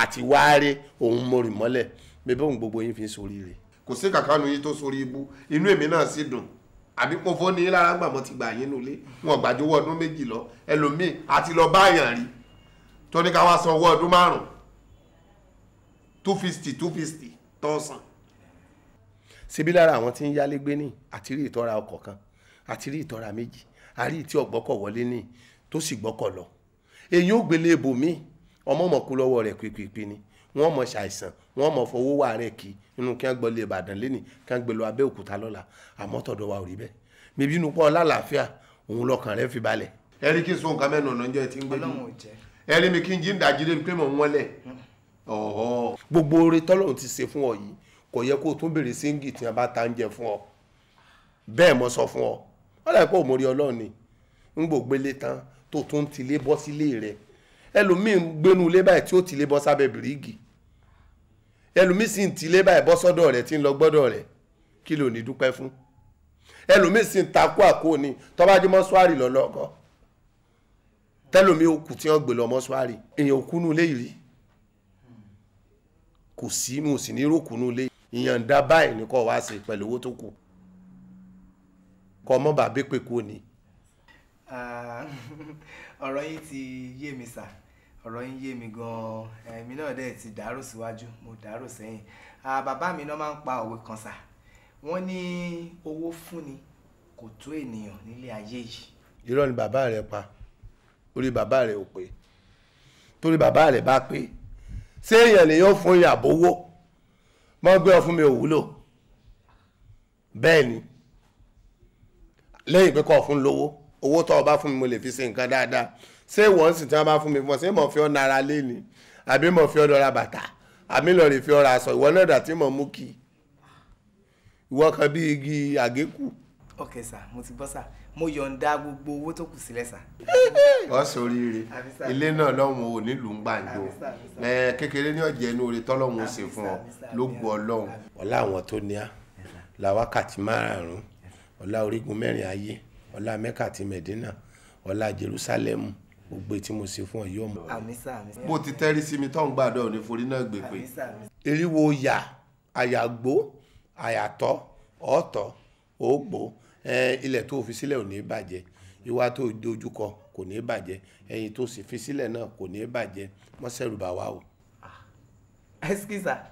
àti wáre òun morì mọ́lẹ̀ bẹ́ẹ̀ òun gbogbo yín fi sórí rẹ̀. kò sí kàkánu yín tó sórí ibú inú èmi náà sì dùn àbí mo fọ́ ní lára gbàmọ́ ti gbà yín nulẹ̀ wọn gbàjọwọ́ ọdún méjì lọ ẹlòmíì àti lọ báyàn rí tó ká wá san owó ọdún márùn-ún two fifty two fifty tọ́sán. síbí lára àwọn tí ń yálé gbé ní àtìrí ìtọ́ra ọkọ̀ kan àtìrí ìtọ́ra méjì àrí ìtí ọ̀gbọ́kọ̀ wọlé ní tó sì gbọ́kọ̀ lọ. èyí ò gbélé ibòmí ọmọ mọ̀ lọ́wọ́ rẹ̀ ni wọ́n mọ̀ ṣàìsàn wọ́n mọ̀ fowó wà rẹ̀ kí inú kí wọ́n gbọ́ lé Ìbàdàn lẹ́nì kí wọ́n gbé lọ Abẹ́òkúta lọ́la àmọ́ wa ò rí bẹ́ẹ̀ mẹbi inú lálàáfíà òun lọ́kàn rẹ̀ fi balẹ̀. ẹ rí kí n nǹkan mẹ́nu ọ̀nà jẹ́ ti ń gbé mi ẹ rí mi kí n jí gbogbo oore tọ́lọ́run ti se fún ọ yìí kò yẹ kó o tún síngì tí wọ́n tó tún tilé bọ́ sílé rẹ̀ ẹlòmíì ń gbénu ilé báyìí tí ó tilé bọ́ sábẹ́ bìríìgì ẹlòmíì sì ń tilé báyìí bọ́ sọ́dọ̀ rẹ̀ tí ń lọ gbọ́dọ̀ rẹ̀ kí ló ní dúpẹ́ fún ẹlòmíì sì ń takú àkó ni tọ́ba jẹ́ mọ́ṣúárì lọ́lọ́kọ́ tẹ́lòmíì òkú tí wọ́n gbé lọ mọ́ṣúárì èèyàn òkú nù lé yìí kò sí mo sì ní rókù nù lé ìyànda báyìí ni kò wá ṣe pẹ̀lú owó tó kù kọ́ mọ́ bàbá pé kò ní. ọ̀rọ̀ yín ti yé mi sà ọ̀rọ̀ yín yé mi gan-an èmi náà dẹ̀ ti dàárò síwájú mo dàárò sẹ́yìn bàbá mi náà máa ń pa òwe kan sà wọ́n ní owó fúnni kò tó ènìyàn nílé ayé yìí. irọ́ ni bàbá rẹ̀ pa orí bàbá rẹ̀ ò pé torí bàbá rẹ̀ bá pé ṣé èèyàn lè yọ fún ìyàbò owó mọ́ gbé ọ fún mi ò wúlò bẹ́ẹ̀ ni lẹ́yìn pé kọ́ ọ fún lówó owó tó o bá fún mi mo lè fi ṣe nǹkan dáadáa ṣé wọ́n sì tí wọ́n fún mi fún ọ ṣé mo fi ọ́ nara lé ni àbí mo fi ọ́ lọ ra bàtà àbí lọ rè fi ọ́ ra aṣọ ìwọ náà dà tí mo mú kì í ìwọ kan bí igi àgékù. ok sà mo ti gbọ́ sà mo yọ̀ǹda gbogbo owó tó kù sílẹ̀ sà. ọ̀sẹ̀ oríire ilé náà lọ́hùn ò nílùú ń gbàǹjo kékeré ní ọ̀jẹ̀ inú oore tọ́lọ́hùn ṣe fún ọ ló gbọ́ ọlọ́hùn. ọlá àwọn tó ní a làwákàtí márààrún ọlá orígun mẹ́rin ayé ọlá mẹ́kà àti mẹ̀dínà ọlá jerusalem gbogbo tí mo ṣe fún ọ yóò mọ. bó ti tẹ́rí sí mi tó ń gbàdọ̀ ní forí náà gbè pé eriwo yà àyàgbó àyàtọ̀ ọ̀tọ̀ ògbó ilẹ̀ tó fi sílẹ̀ ò ní bàjẹ́ ìwà tó dojúkọ kò ní bàjẹ́ ẹ̀yìn tó sì fi sílẹ̀ náà kò ní bàjẹ́ mọ́sẹ̀rù bá wà o. ẹsikisa ah.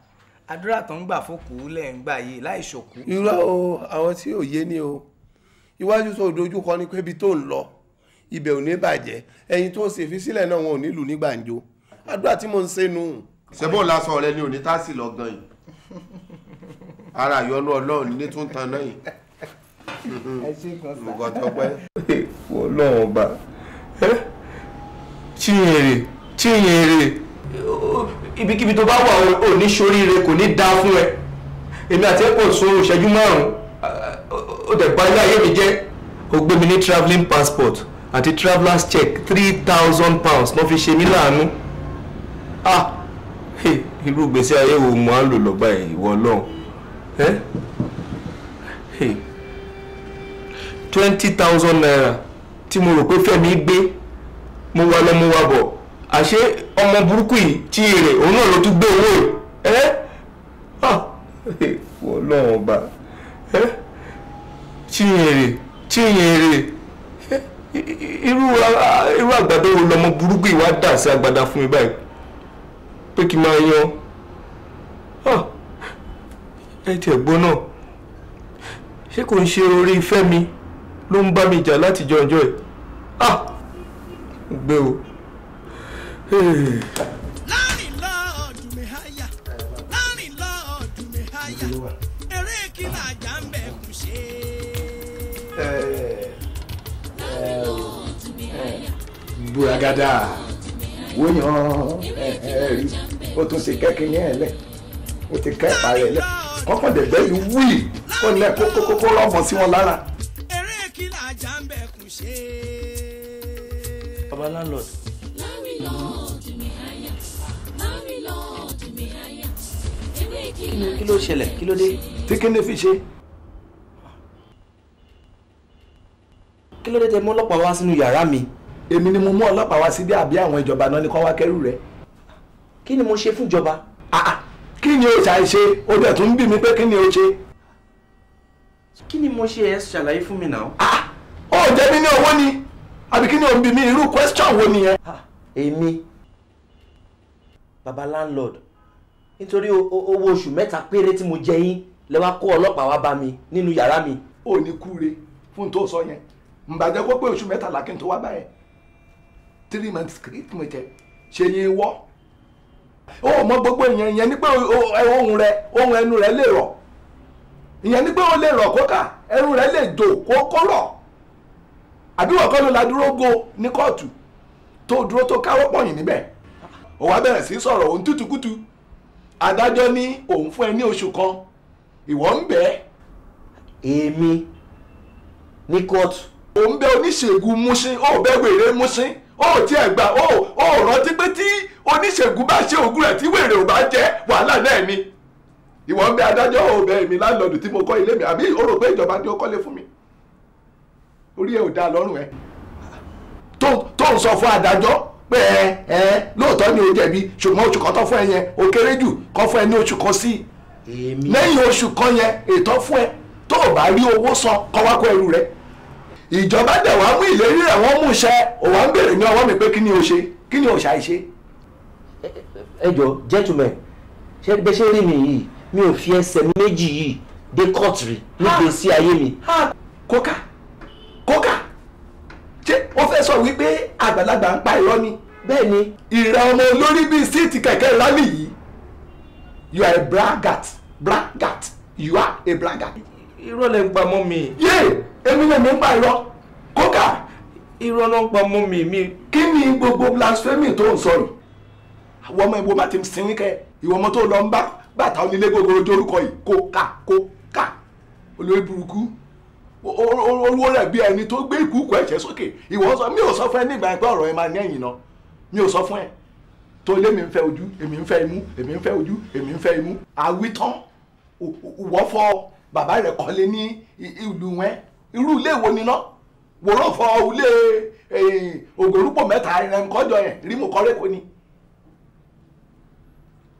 àdúrà tó ń gbà fún kùú lẹ́ ń gbà yìí láì ṣòkú. irọ́ o àwọn tí ò yé ni o iwájú tó dojúkọ ni pé ibi tó ń lọ ibẹ̀ ò ní bàjẹ́ ẹ̀yin tó ń ṣe ìfisílẹ̀ náà wọn ò nílùú ní gbàǹjo àdúrà tí mò ń ṣe nù. ṣẹ́bọ̀n lásán ọ̀rẹ́ ni òní tásì lọ gan yìí ara àyọnú ọlọ́run nílé tó ń tan náà yìí mọ̀gọ́ tọpẹ́. ọlọ́run ọba chinyere chinyere ibikíbi tó bá wà ò ní ṣoríire kò ní dáa fún ẹ èmi àti ẹ pọ̀ sóorun ìṣẹ́jú márùn-ún ó dẹ̀ gba ilé ayé mi jẹ́ ó mi ní travelling passport àti traveller's check three thousand pounds ló fi ṣe mí láàánú ah irú gbèsè ayé wo mo á lò lọ́gbà ẹ̀ ìwọ ọlọ́run eh? twenty thousand naira tí mo rò pé fẹ́mi gbé mo wà lọ mo wà bọ̀ àṣé ọmọ burúkú yìí tí èrè òun náà ló tún gbé owó ẹ̀ ẹ́ eh? ah ọlọ́run ọba ẹ́. Eh? Chinyere Chinyere irú irú àgbàdo wo lọmọ burúkú ìwà dà sí àgbàdà fún mi báyìí pé kí n máa yan ẹ tiẹ̀ gbọ́ náà ṣé kò ń ṣe orí ìfẹ́ mi ló ń bá mi jà láti jọjọ́ ẹ̀ gbé o. Hey. buragada wóyan ẹ̀rí ó tún ṣe kẹ́kẹ́ yẹn lẹ̀ ó ti kẹ́ ẹ̀pà rẹ̀ lẹ̀ kọ́kàndẹ̀gbẹ́ yìí wúì kó lẹ̀ kókókó rọ́mọ sí wọn lára. eré kí là já ń bẹ̀ kù ṣe. baba landlord. kí ló ṣẹlẹ̀ kí ló dé. tí kíni fi ṣe. kí ló dé tẹ mú ọlọ́pàá wá sínú yàrá mi èmi ni mo mú ọlọ́pàá wá síbí àbí àwọn ìjọba náà ni kó wá kẹ́rù rẹ̀ kí ni mo ṣe fún ìjọba. kí ni o ṣàìṣe o dẹ̀ tún ń bì mí pé kí ni o ṣe. kí ni mo ṣe ẹ ṣàlàyé fún mi náà. ó jẹ́ mi ní owó ni àbí kí ni o ń bì mí irú question wo nìyẹn. èmi baba landlord nítorí owó oṣù mẹ́ta péré tí mo jẹ yín lẹ wá kó ọlọ́pàá wá bá mi nínú yàrá mi. ò ní kúre fún tó sọ yẹn ǹbàjẹ́ kó pé oṣù mẹ́tàlá kí n tó wá báyẹn three months kìrìtì mo jẹ ṣe yín wọ́ ó mọ gbogbo ìyẹn ìyẹn ni pé ohun rẹ ohun ẹnu rẹ lè rọ̀ ìyẹn ni pé ó lè rọ̀ kó kà ẹnu rẹ lè jò kó kó rọ̀ àbí wọ́n kọ́ ló la dúró go ní kóòtù tó dúró tó káwọ́ pọ̀yìn níbẹ̀ ó wá bẹ̀rẹ̀ sí sọ̀rọ̀ òun tútùkútù adájọ́ ní òun fún ẹ ní oṣù kan ìwọ ń bẹ́ẹ̀. èmi ní kóòtù. ò ń bẹ oníṣègùn Mushin ó bẹ wèrè Mushin ó ti ẹ̀ gbà ó ó rántí pé tí oníṣègùn bá ṣe ògùn rẹ̀ tí wèrè ò bá jẹ́ wàhálà náà ni ìwọ ń bẹ adájọ́ ò bẹ èmi láńlọ́ọ̀dù tí mo kọ́ ilé mi àbí o rò pé ìjọba ni ó kọ́lé fún mi orí ẹ ò da lọ́rùn ẹ tó ń sọ fún adájọ́ pé ẹ ẹ lóòótọ́ ni o jẹ̀bi ṣùgbọ́n oṣù kan tó fún ẹ yẹn o kéré jù kọ́ fún ẹ ní oṣù kan sí i lẹ́yìn oṣù kan yẹn ètò fún ẹ tó o bá rí owó san kọ́ wá kó ìjọba dẹ̀ wá mú ìlérí rẹ̀ wọ́n mú iṣẹ́ òwà ń bèrè ní ọwọ́ mi pé kí ni o ṣe kí ni o ṣàìṣe. ẹ jọ gentleman ṣe bẹ ṣe rí mi yìí mi ò fi ẹsẹ̀ méjì yìí dé kóòtù rí nígbèésí ayé mi. kókà kókà ṣé o fẹ́ sọ wípé àgbàlagbà ń pa irọ́ ni. bẹ́ẹ̀ ni. ìrẹ̀ ọmọ olórí bíi síìtì kẹ̀kẹ́ lálẹ́ yìí you are a braggart braggart you are a braggart irọ́ lẹ ń pa mọ́ mi. yé èmi lè mi ń pa irọ́ kókà. irọ́ ló ń pa mọ́ mi mi. kí ni gbogbo blasphemy tó ń sọ yìí àwọn ọmọ ìwọ máa ti sin ní kẹ ìwọ ọmọ tó lọ ń bá bàtà onílé gbogbo ojú orúkọ yìí kókà kókà olórí burúkú owó rẹ̀ bí ẹni tó gbé ìkúùkù ẹ̀jẹ̀ sókè ìwọ sọ mi ò sọ fún ẹ nígbà pé ọ̀rọ̀ ẹ máa ní ẹ̀yìn náà mi ò sọ fún ẹ tó lé mi ń fẹ́ ojú èmi ń fẹ́ imú èmi ń fẹ́ ojú èmi ń fẹ́ imú àwítán wọ́fọ́ bàbá rẹ̀ kọ́lé ní ìlú wọn irú ilé wo ni ná wòró fọ ilé eh, ògòrúpọ̀ mẹ́ta ẹ̀ńkọ́jọ yẹn rímù kọ́rẹ́kọ́ ni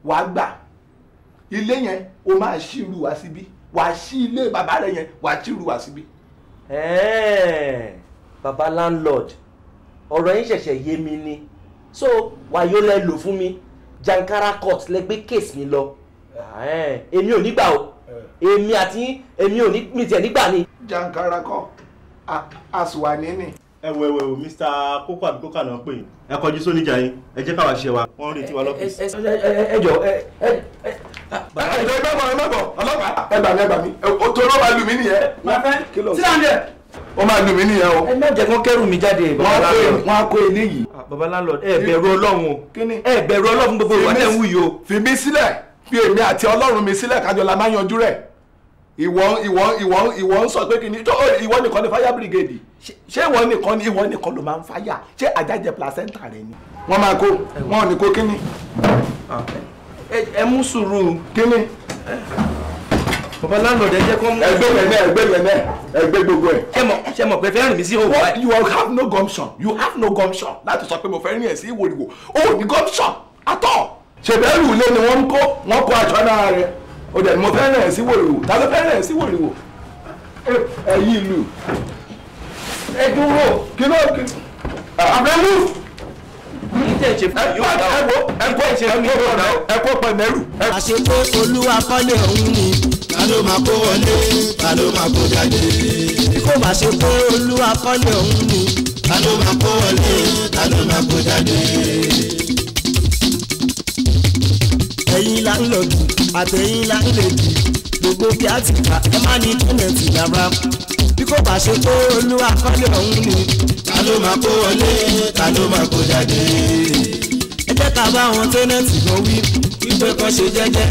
wàá gbà ilé yẹn o máa ṣí irú wa síbí wàá ṣí ilé bàbá rẹ̀ yẹn wàá ṣí irú wa síbí. baba landlord ọ̀rọ̀ yín ṣẹ̀ṣẹ̀ yé mi ni so wàyó lẹ lò fún mi Jankara court lẹ gbé case mi lọ èmi ò ní gbà o èmi àti èmi ò ní mi tiẹ̀ nígbà ni. jankara kọ àṣùwàní ni. ẹ wo ẹ wo mr kókó àbí kókó àná pè é kọjú sóníjà yín ẹ jẹ́ káwa ṣe wa wọ́n ń retí wa lọ́fíìsì. ẹ jọ ẹ ẹ ẹ. ẹjọ ẹgbẹ́ bọ̀ ẹgbẹ́ bọ̀ ọlọ́pàá. ẹ gbà mí ẹ gbà mí o tó ló máa lù mí nìyẹn. máa fẹ́ sílẹ̀ wọ́n máa lù mí nìyẹn o. ẹ má jẹ́ kó kẹ́rù mi jáde. wọ́n á kó eléyìí. baba landlord ẹ bẹ̀rù ọlọ́run o ẹ bẹ̀rù ọlọ́run gbogbo ìwà tẹ̀ ń wù yìí o. fi mí sílẹ̀ fi èmi àti ọlọ́run mi sílẹ̀ kájọ la máa yanjú rẹ̀ ìwọ ìwọ ìwọ ìwọ ń sọ pé kí ni ìwọ nìkan ni fire brigade ṣé ìwọ nìkan ni ìwọ nìkan ló máa ń fáyà ṣé àjájẹ placenta rẹ ni. wọ́n máa kó wọn ò ní kó kíni. ẹ mú sùúrù kíni. bàbá landlord ẹ jẹ́ kó mú. ẹgbẹ́ mẹ́mẹ́ ẹgbẹ́ mẹ́mẹ́ ẹgbẹ́ gbogbo ẹ̀. ṣé mo ṣé mo pé fẹ́ rìn mí sí òwò. you have no gumption you have no gumption láti sọ pé mo fẹ́ rìn ẹ̀ sí ìwòrìwò o ò ní gumption at all ṣèbẹ́rù ilé ni wọ́n ń kó wọ́n kó aṣọ náà rẹ̀ ó dẹ̀ ni mo fẹ́ rẹ̀ sí wòlíwò ta fẹ́ rẹ̀ sí wòlíwò ẹ̀yìn ìlú ẹ dúró àbẹ̀lú. ẹ pẹ̀mẹ́rù. àṣepé olúwa kọ́lé òun ni ta ló máa kó wọlé ta ló máa kó jáde. bí bá ṣe pé olúwa kọ́lé òun ni ta ló máa kó wọlé ta ló máa kó jáde ẹ̀yin là ń lọ jù àtẹ̀yìn là ń lè jù gbogbo bí a ti kà ẹ má ní tẹ́lẹ̀tì lára bí kò bá ṣe pé olúwa kọ́lé ọ̀hún ni. ta ló máa kó wọlé ta ló máa kó jáde. ẹ jẹ́ ká bá àwọn tẹ́lẹ̀tì lọ wí wípé kan ṣe jẹ́jẹ́.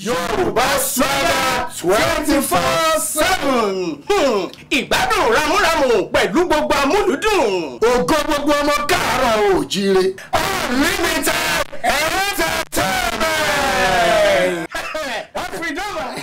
yorùbá sọ́ra twenty four seven hmm. ìgbádùn ramúramù pẹ̀lú gbogbo amúlùdùn. ògo gbogbo ọmọ káàárọ̀ oòjíire. unlimited entertainment. wọ́n fi dọ́wọ́.